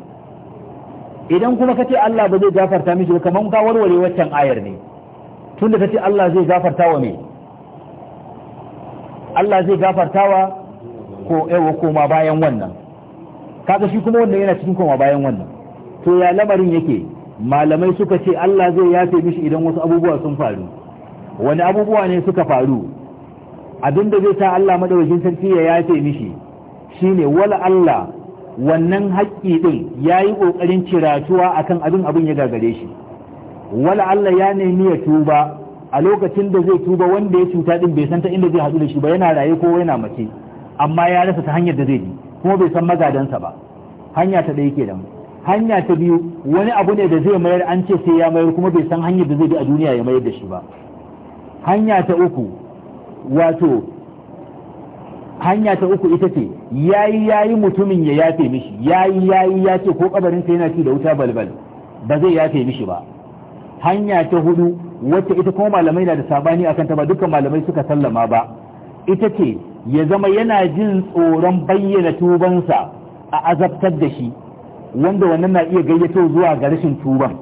Speaker 1: idan kuma ka ce Allah ba zai gafarta mishi ba kamar ka warware waccan ayar ne tunda ka ce Allah zai gafarta wa me Allah zai gafarta wa ko ewa eh, koma bayan wannan kaga shi kuma wannan yana cikin koma bayan wannan to ya lamarin yake malamai suka ce Allah zai yafe mishi idan wasu abubuwa sun faru wani abubuwa ne suka faru Abin da zai sa Allah madaukakin sarki ya yafe mishi shine wala Allah wannan haƙƙi din yayi kokarin ciratuwa akan abin abin ya gagare shi wala Allah ya nemi ya tuba a lokacin da zai tuba wanda ya cuta din bai san ta inda zai hadu da shi ba yana raye ko yana mace amma ya rasa ta hanyar da zai bi kuma bai san magadansa ba hanya ta ɗaya kenan hanya ta biyu wani abu ne da zai mayar an ce sai ya mayar kuma bai san hanyar da zai bi a duniya ya mayar da shi ba hanya ta uku wato hanya ta uku ita ce yayi yayi mutumin ya yafe mishi yayi yayi ya ce ko kabarin sa yana ci da wuta balbal ba zai yafe mishi ba hanya ta hudu wacce ita kuma malamai na da sabani akan ta ba dukkan malamai suka sallama ba ita ce ya zama yana jin tsoron bayyana tubansa a azabtar da shi wanda wannan na iya gayyato zuwa ga rashin tuban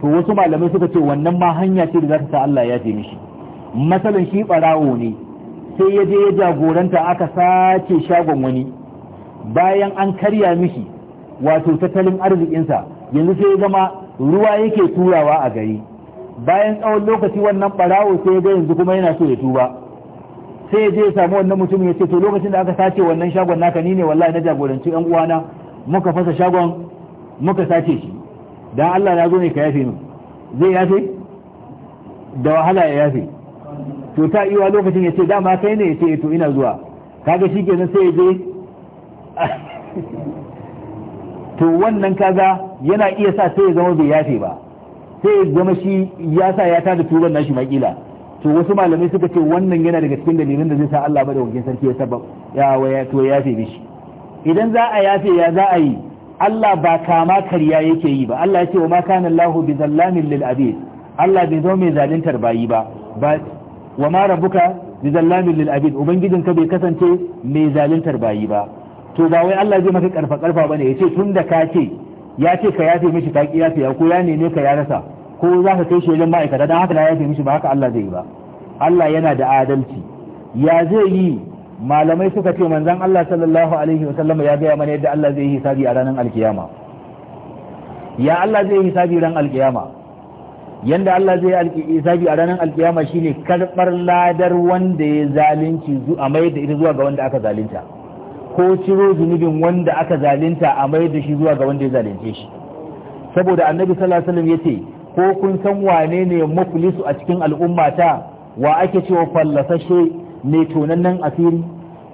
Speaker 1: to wasu malamai suka ce wannan ma hanya ce da za ta sa Allah ya je mishi masalan shi barawo ne sai ya je ya jagoranta aka sace shagon wani bayan an karya mishi wato tattalin arzikinsa yanzu sai ya zama ruwa yake turawa a gari bayan tsawon lokaci wannan barawo sai ya ga yanzu kuma yana so ya tuba sai ya je ya samu wannan mutumin ya ce to lokacin da aka sace wannan shagon naka ni ne wallahi na jagoranci yan uwana muka fasa shagon muka sace shi dan Allah na zo ne ka yafe min zai yafe da wahala ya yafe to ta iya lokacin ya ce dama kai ne ya ce to ina zuwa kaga shi kenan sai ya je *laughs* to wannan kaga yana iya sa sai ya zama bai yafe ba sai ya zama shi ya sa ya tada tuban nashi makila to wasu malamai suka ce wannan yana daga cikin dalilin da zai sa Allah ba da sarki ya sabab ya waya to ya yafe mishi idan za a yafe ya za a yi Allah ba kama karya yake yi ba Allah ya ce wa ma kana Allahu bi zallamin lil abid Allah bai zo mai zaluntar bayi ba ba wa ma rabbuka bi zallamin lil abid ka bai kasance mai zaluntar bayi ba to ba wai Allah zai maka karfa karfa bane ya ce tunda ka ce ya ce ka yafe mishi ka ki yafe ko ya nene ka ya rasa ko za ka kai shi wajen ma'aikata dan haka ya yafe mishi ba haka Allah zai yi ba Allah yana da adalci ya zai yi malamai suka ce manzan Allah sallallahu alaihi wasallam ya gaya mana yadda Allah zai yi hisabi a ranar alkiyama ya Allah zai yi hisabi ran alkiyama yadda Allah zai yi hisabi a ranar alkiyama shine karbar ladar wanda ya zalunci a mai da ita zuwa ga wanda aka zalunta ko ciro zunubin wanda aka zalunta a mai da shi zuwa ga wanda ya zalunce shi saboda annabi sallallahu alaihi wasallam yace ko kun san wane ne muflisu a cikin al'ummata wa ake cewa fallasashe mai nan asiri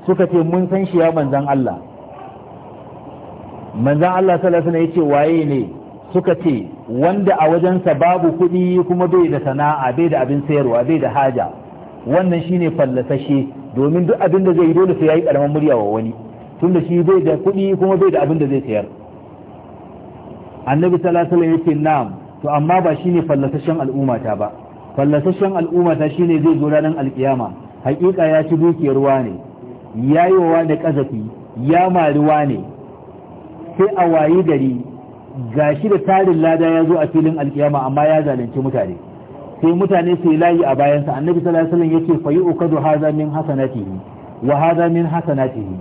Speaker 1: suka ce mun san shi ya manzan Allah manzan Allah sallallahu alaihi yace waye ne suka ce wanda a wajensa babu kuɗi kuma bai da sana'a bai da abin sayarwa bai da haja wannan shine fallasashe domin duk abin da zai yi dole sai yayi karaman murya wa wani tunda shi bai da kuɗi kuma bai da abin da zai sayar annabi sallallahu alaihi wasallam yace na'am to amma ba shine fallasashen al'umma ta ba fallasashen al'umma ta shine zai zo ranar alkiyama haƙiƙa ya ci dukiyar wane ya yi wa wani ƙazafi ya mari wane sai a wayi gari gashi da tarin lada ya zo a filin alkiyama amma ya zalunci mutane sai mutane sai layi a bayansa annabi sallallahu alaihi wasallam yace fa yu'khadhu haza min hasanatihi wa haza min hasanatihi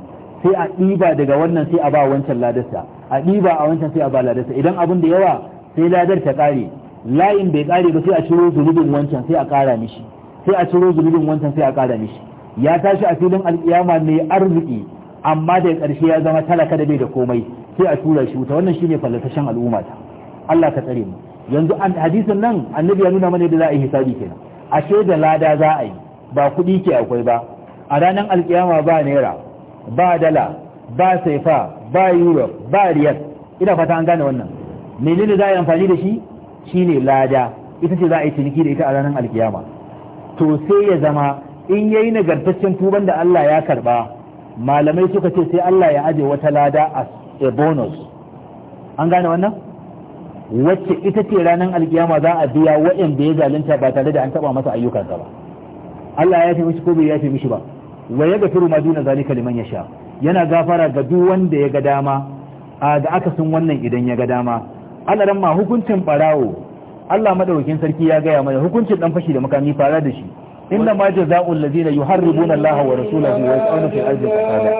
Speaker 1: sai a diba daga wannan sai a ba wancan ladarsa a diba a wancan sai a ba ladarsa idan abin da yawa sai ladar ta kare layin bai kare ba sai a ciro zulubin wancan sai a kara mishi sai a ciro zunubin wancan sai a ƙara mishi ya tashi a filin alƙiyama mai arziki amma da ƙarshe ya zama talaka da bai da komai sai a tura shi wuta wannan shine fallasashen al'umma ta Allah ka tsare mu yanzu an hadisin nan annabi ya nuna mana yadda za a yi hisabi kenan ashe da lada za a yi ba kuɗi ke akwai ba a ranar alkiyama ba naira ba dala ba saifa ba euro ba riyal ina fata an gane wannan menene za a yi amfani da shi shine lada ita ce za a yi ciniki da ita a ranar alkiyama to sai ya zama in yayi nagartaccen tuban da Allah ya karba malamai suka ce sai Allah ya aje wata lada a bonus an gane wannan wacce ita ce ranar alkiyama za a biya waɗanda ya zalunta ba tare da an taba masa ayyukansa ba Allah ya fi mishi ko bai ya fi mishi ba wa ya gafiru ma duna zalika liman yasha yana gafara ga duk wanda ya ga dama a da aka sun wannan idan ya ga dama alaran ma hukuncin barawo Allah madaukakin sarki ya gaya mana hukuncin dan fashi da makami fara da shi inna ma jazaa'ul ladina yuharribuna Allah wa rasulahu wa yas'aluna fil ardi fasada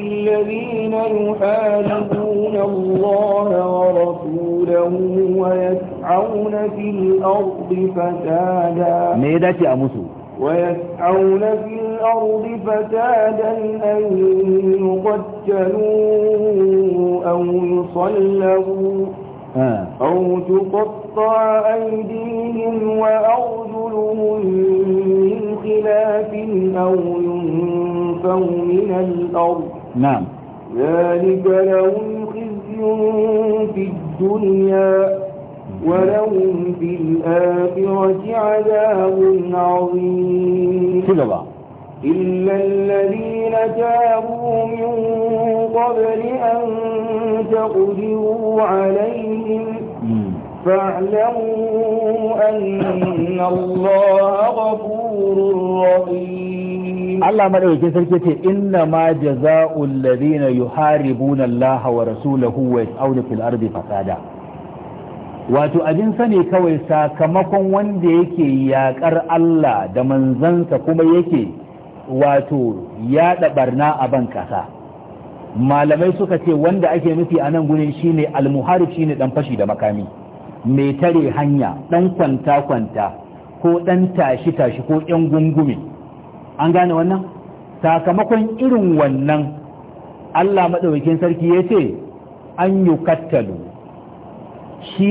Speaker 2: الذين يحاربون الله ورسوله ويسعون في الأرض فسادا
Speaker 1: ميداتي أمسو
Speaker 2: آه. أو تقطع أيديهم وأرجلهم من خلاف أو ينفوا من الأرض نعم ذلك لهم خزي في الدنيا ولهم في الآخرة عذاب عظيم الله إلا الذين تابوا من قبل أن تقدروا عليهم فاعلموا أن الله غفور
Speaker 1: رحيم الله مدعوك سركت إنما جزاء الذين يحاربون الله ورسوله ويسعون في الأرض فسادا wato abin sani kawai sakamakon wanda yake yakar Allah da manzansa kuma yake wato ya ɗaɓarna a ban ƙasa. malamai suka ce wanda ake nufi a nan shi ne almuhari shi ne ɗan fashi da makami mai tare hanya ɗan kwanta kwanta ko ɗan tashi tashi ko ƴan gungume an gane wannan sakamakon irin wannan Allah maɗaukin sarki ya ce an yi kattalu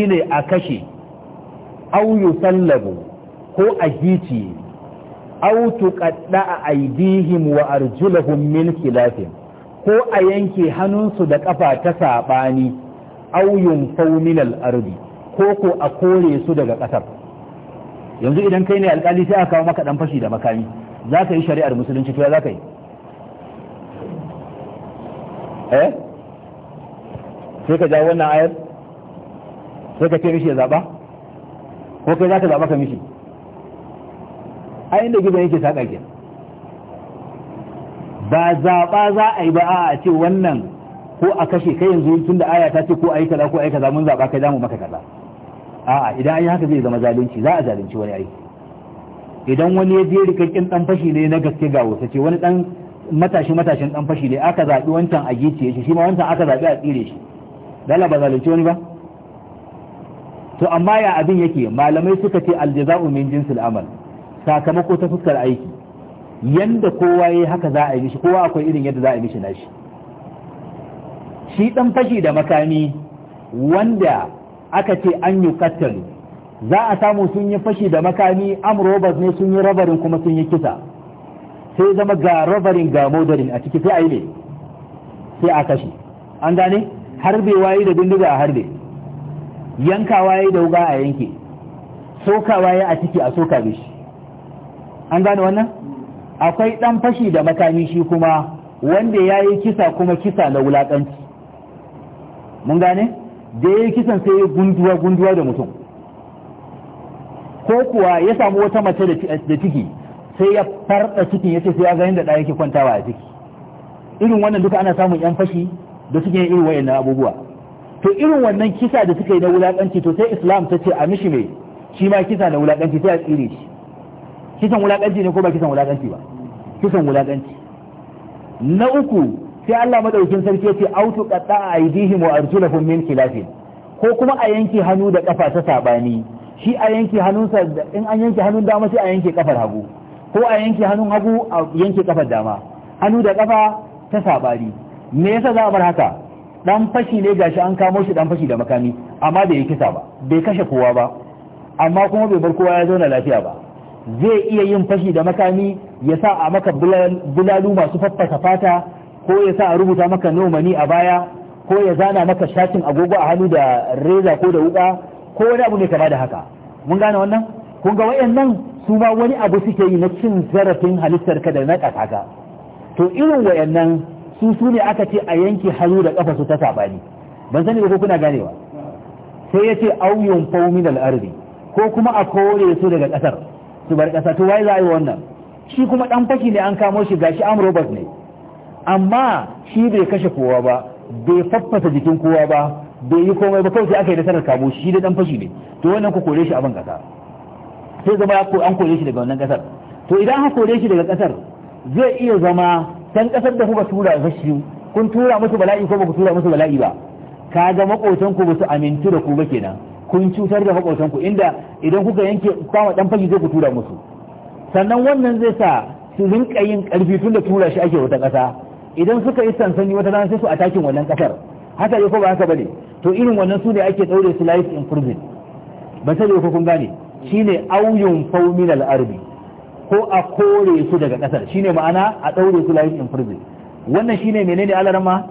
Speaker 1: ne a kashe au sallabu, ko a gici aw tuqadda aydihim wa arjuluhum min khilafin ko a yanke hannunsu da kafa ta sabani aw yunfaw min al-ardi ko ko a kore su daga kasar yanzu idan kai ne alƙali sai aka kawo maka dan fashi da makami za ka yi shari'ar musulunci to ya za ka yi eh sai ka jawo wannan ayar sai ka ce mishi ya zaba ko kai za ka zaba ka mishi a inda gidan yake saka ke ba zaɓa za a yi ba a ce wannan ko a kashe kai yanzu tun da aya ta ce ko ayi kaza ko ayi kaza mun zaɓa kai za mu maka kaza a'a idan an yi haka zai zama zalunci za a zalunci wani aiki idan wani ya je rikakken dan fashi ne na gaske ga wata ce wani dan matashi matashin dan fashi ne aka zaɓi wancan a gice shi shi ma wancan aka zaɓi a tsire shi dala ba zalunci wani ba to amma ya abin yake malamai suka ce aljaza'u min jinsil amal sakamako ta fuskar aiki yanda kowa yayi haka za a yi mishi kowa akwai irin yadda za a yi mishi nashi shi dan fashi da makami wanda aka ce an yi kattalu za a samu sun yi fashi da makami am robas ne sun yi rabarin kuma sun yi kisa sai zama ga rabarin ga modarin a ciki sai a yi ne sai a kashi an gane harbe waye da bindiga a harbe yankawa ya da wuga a yanke sokawa ya a ciki a soka mishi an gane wannan akwai dan fashi da makami shi kuma wanda ya yi kisa kuma kisa na wulaƙanci mun gane da ya yi kisan sai ya gunduwa gunduwa da mutum ko kuwa ya samu wata mace da ciki sai ya farɗa cikin ya ce sai ya ga yadda ɗaya yake kwantawa a ciki irin wannan duka ana samun yan fashi da suke irin wayannan abubuwa to irin wannan kisa da suka yi na wulaƙanci to sai islam ta ce a mishi mai shi ma kisa na wulaƙanci sai a tsire shi kisan wulaƙanci ne ko ba kisan wulaƙanci ba kisan wulaƙanci na uku sai Allah madaukin sarki ya ce autu qatta aydihim wa arjulahum min khilafin ko kuma a yanke hannu da kafa ta sabani shi a yanke hannunsa in an yanke hannun dama sai a yanke kafar hagu ko a yanke hannun hagu a yanke kafar dama hannu da kafa ta sabani me yasa za a bar haka dan fashi ne gashi an kamo shi dan fashi da makami amma bai yi kisa ba bai kashe kowa ba amma kuma bai bar kowa ya zauna lafiya ba zai iya yin fashi da makami ya sa a maka bulalu masu faffasa fata ko ya sa a rubuta maka nomani a baya ko ya zana maka shatin agogo a hannu da reza ko da wuka ko wani abu ne kama da haka mun gane wannan kun ga wayannan su ma wani abu suke yi na cin zarafin halittar ka da na ka to irin wayannan su su ne aka ce a yanke hannu da kafa su ta sabani ban sani ko kuna ganewa sai ya ce auyun faumin ardi ko kuma a kore su daga kasar su bar ƙasa to wai za a yi wannan shi kuma ɗan fashi ne an kamo shi gashi am robert ne amma shi bai kashe kowa ba bai faffasa jikin kowa ba bai yi komai ba kawai sai aka yi nasarar kamo shi da ɗan fashi ne to wannan ku kore shi a ban ƙasa sai zama an kore shi daga wannan ƙasar to idan aka kore shi daga ƙasar zai iya zama can ƙasar da kuka tura shi kun tura musu bala'i ko ba ku tura musu bala'i ba ka ga ku ba su amintu da ku ba kenan kun cutar da ku inda idan kuka yanke kwama ɗan fagi zai ku tura musu sannan wannan zai sa su rinka yin ƙarfi tun da tura shi ake wata ƙasa idan suka yi sansani wata rana sai su atakin wannan ƙasar haka ne ko ba haka bane to irin wannan su ne ake ɗaure su life in prison ba sai ko kun gane shine auyun faumin al'arbi ko a kore su daga ƙasar shine ma'ana a ɗaure su life in prison wannan shine menene alarma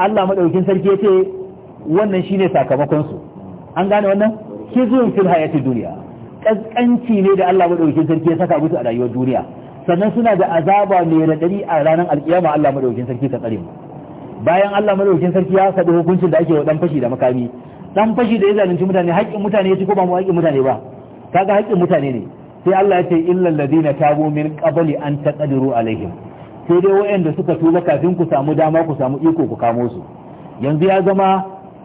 Speaker 1: Allah madaukin sarki yace wannan shine sakamakon su an gane wannan kizun fil hayati duniya kaskanci ne da Allah madaukakin sarki ya saka musu a rayuwar duniya sannan suna da azaba mai radari a ranar alkiyama Allah madaukakin sarki ka tsare mu bayan Allah madaukakin sarki ya faɗi hukuncin da ake wa dan fashi da makami dan fashi da ya zalunci mutane haƙƙin mutane ya ci ko ba mu haƙƙin mutane ba kaga haƙƙin mutane ne sai Allah ya ce illal ladina tabu min qabli an taqdiru alaihim sai dai waɗanda suka tuba kafin ku samu dama ku samu iko ku kamo su yanzu ya zama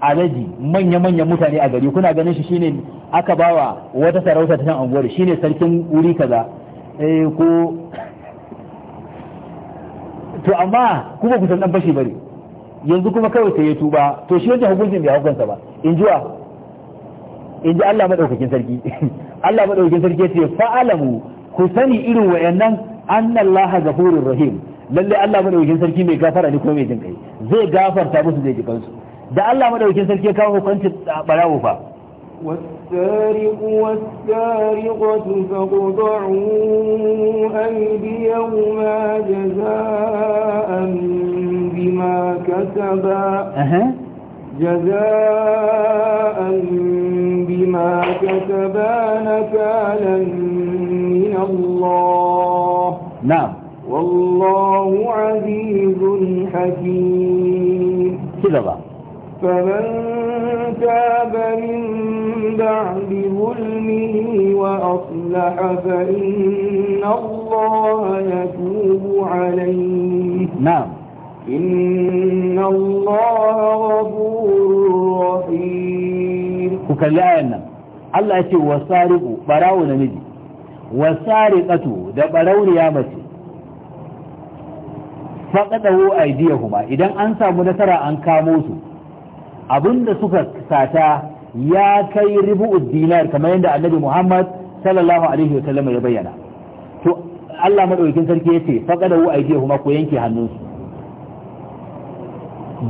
Speaker 1: alaji manya manya mutane a gari kuna ganin shi shine aka bawa wata sarauta ta can anguwar shine sarkin wuri kaza eh ko to amma kuma ku san dan bashi bari yanzu kuma kawai sai ya tuba to shi wanda hukuncin bai hukunta ba in jiwa in ji Allah madaukakin sarki *laughs* Allah madaukakin sarki ya ce fa'alamu ku sani irin wayannan annallaha ghafurur rahim lalle Allah madaukakin sarki mai gafara ne ko mai jin zai gafarta musu zai jikansu su. da Allah madaukin sarki ya kawo hukuncin barawo fa
Speaker 2: والسارق والسارقة فاقطعوا أيديهما جزاء بما كسبا جزاء بما كسبا نكالا من الله نعم والله عزيز حكيم كذا فمن تاب من بعد ظلمه وأصلح فإن الله يتوب عليه نعم إن الله غفور رحيم
Speaker 1: وكان لأينا الله يتي وسارق براو نمجي وسارقته ده براو نيامتي faɗaɗawo a idiyahuma idan an samu nasara an kamo su abinda suka sata ya kai ribu'ud dinar kamar yadda annabi Muhammad sallallahu alaihi wa sallam ya bayyana to Allah madaukakin sarki yace faqadahu aydihuma ko yanke hannunsu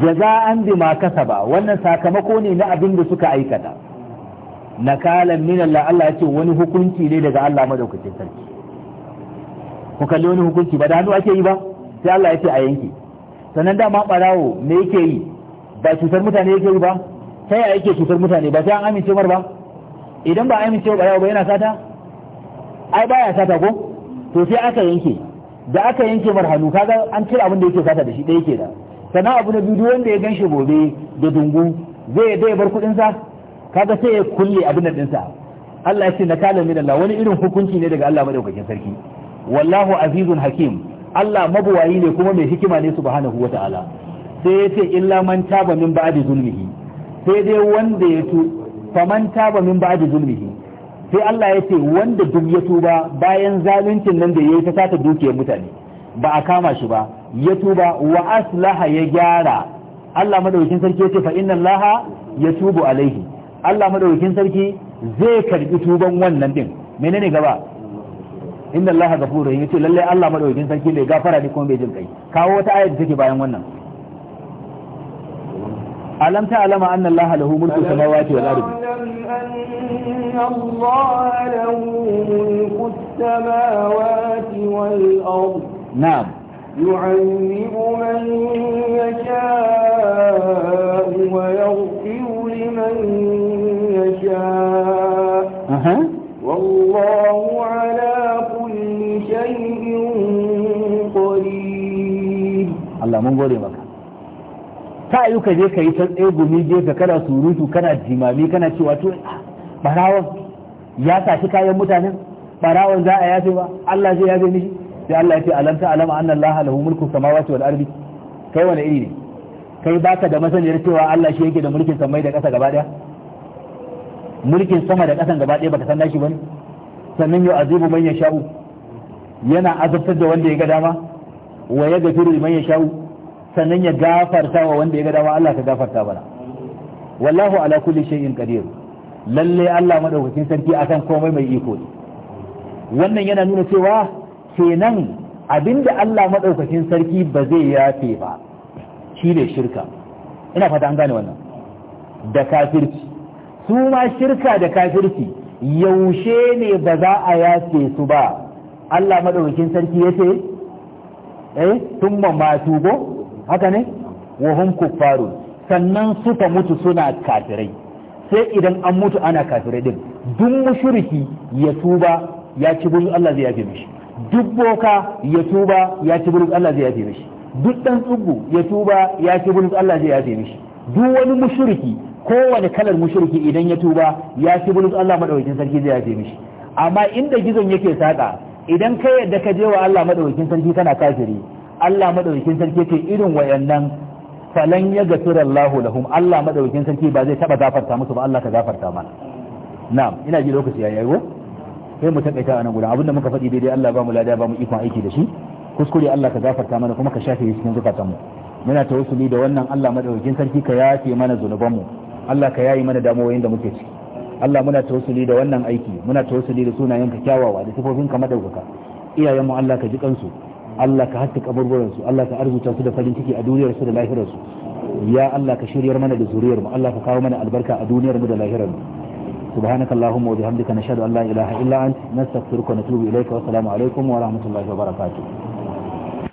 Speaker 1: jaza'an bima kasaba wannan sakamako ne na abin da suka aikata nakalan min Allah Allah yace wani hukunci ne daga Allah madaukakin sarki ku kalli wani hukunci ba da hannu ake yi ba sai Allah yace a yanke sannan dama barawo me yake yi ba cutar mutane yake yi ba ta yaya yake cutar mutane ba ta yan amince mar ba idan ba amince ba ba yana sata ai baya sata ko to sai aka yanke da aka yanke mar hannu kaga an cire abin da yake sata da shi ɗaya ke da sannan abu na biyu wanda ya ganshi gobe da dungu zai yadda ya bar kuɗin sa kaga sai ya kulle abin da dinsa Allah ya ce na kala min Allah wani irin hukunci ne daga Allah madaukakin sarki wallahu azizun hakim Allah mabuwayi ne kuma mai hikima ne subhanahu wata'ala sai ya ce illa man taba min ba'di zulmihi sai dai wanda ya tu man taba min ba'di zulmihi sai Allah ya ce wanda duk ya tuba bayan zaluncin nan da yayi ta sata dukiyar mutane ba a kama shi ba ya tuba wa aslaha ya gyara Allah madaukakin sarki ya ce fa inna Allah ya tubu alaihi Allah madaukakin sarki zai karbi tuban wannan din menene gaba inna Allah ghafurur rahim yace lalle Allah madaukakin sarki ne gafara ne kuma bai jin kai kawo wata ayat da take bayan wannan alam ta alama anna Allah lahu mulku samawati wal
Speaker 2: ardi الله له ملك السماوات والأرض نعم يعذب من يشاء ويغفر لمن يشاء أه. والله على كل شيء قدير
Speaker 1: الله من قولي ka yi ka je ka yi can tsaye gumi ka kana surutu kana jimami kana cewa to barawon ya saci kayan mutanen barawon za a yafe ba Allah zai yafe mishi sai Allah ya ce alam ta alama anna Allah lahu mulku samawati wal ardi kai wani iri ne kai baka da masaniyar cewa Allah shi yake da mulkin samai da ƙasa gaba daya mulkin sama da ƙasan gaba daya baka san nashi bane sannan yau azibu man yasha'u yana azabtar da wanda ya ga dama wa ya gafiru man yasha'u sannan ya gafarta wa wanda ya ga dama Allah ka gafarta bana wallahu ala kulli shay'in qadir lalle Allah madaukakin sarki akan komai mai iko ne wannan yana nuna cewa kenan abinda Allah madaukakin sarki ba zai yafe ba shi ne shirka ina fata an gane wannan da kafirci su ma shirka da kafirci yaushe ne ba za a yafe su ba Allah madaukakin sarki yace eh tumma tubo haka ne wa kuffaru sannan suka mutu suna kafirai sai idan an mutu ana kafirai din duk mushriki ya tuba ya ci burin Allah zai yafe mishi duk boka ya tuba ya ci burin Allah zai yafe mishi duk dan tsubu ya tuba ya ci burin Allah zai yafe mishi duk wani mushriki kowane kalar mushriki idan ya tuba ya ci burin Allah madaukakin sarki zai yafe mishi amma inda gizon yake saka idan kai yadda ka je wa Allah madaukakin sarki kana kafiri Allah madaukakin sarki ce irin wayannan falan ya gafira Allah lahum Allah madaukakin sarki ba zai taba gafarta musu ba Allah ka gafarta mana na'am ina ji lokaci yayi yayi sai mu takaita a nan gudan abinda muka faɗi daidai Allah ba mu lada ba mu ikon aiki da shi kuskure Allah ka gafarta mana kuma ka shafe cikin zukatan mu muna tawassuli da wannan Allah madaukakin sarki ka yafe mana zunuban mu Allah ka yayi mana damuwoyin da muke ciki Allah muna tawassuli da wannan aiki muna tawassuli da sunayen ka kyawawa da sifofin ka madaukaka iyayen mu Allah ka ji kansu Allah ka hatta kaburburan su Allah ka arzuta su da farin ciki a duniyar su da lahirar
Speaker 2: su
Speaker 1: ya Allah ka shiryar mana da zuriyar mu Allah ka kawo mana albarka a duniyar mu da lahirar mu سبحانك
Speaker 2: اللهم وبحمدك نشهد ان لا اله الا انت نستغفرك ونتوب اليك والسلام عليكم ورحمه الله وبركاته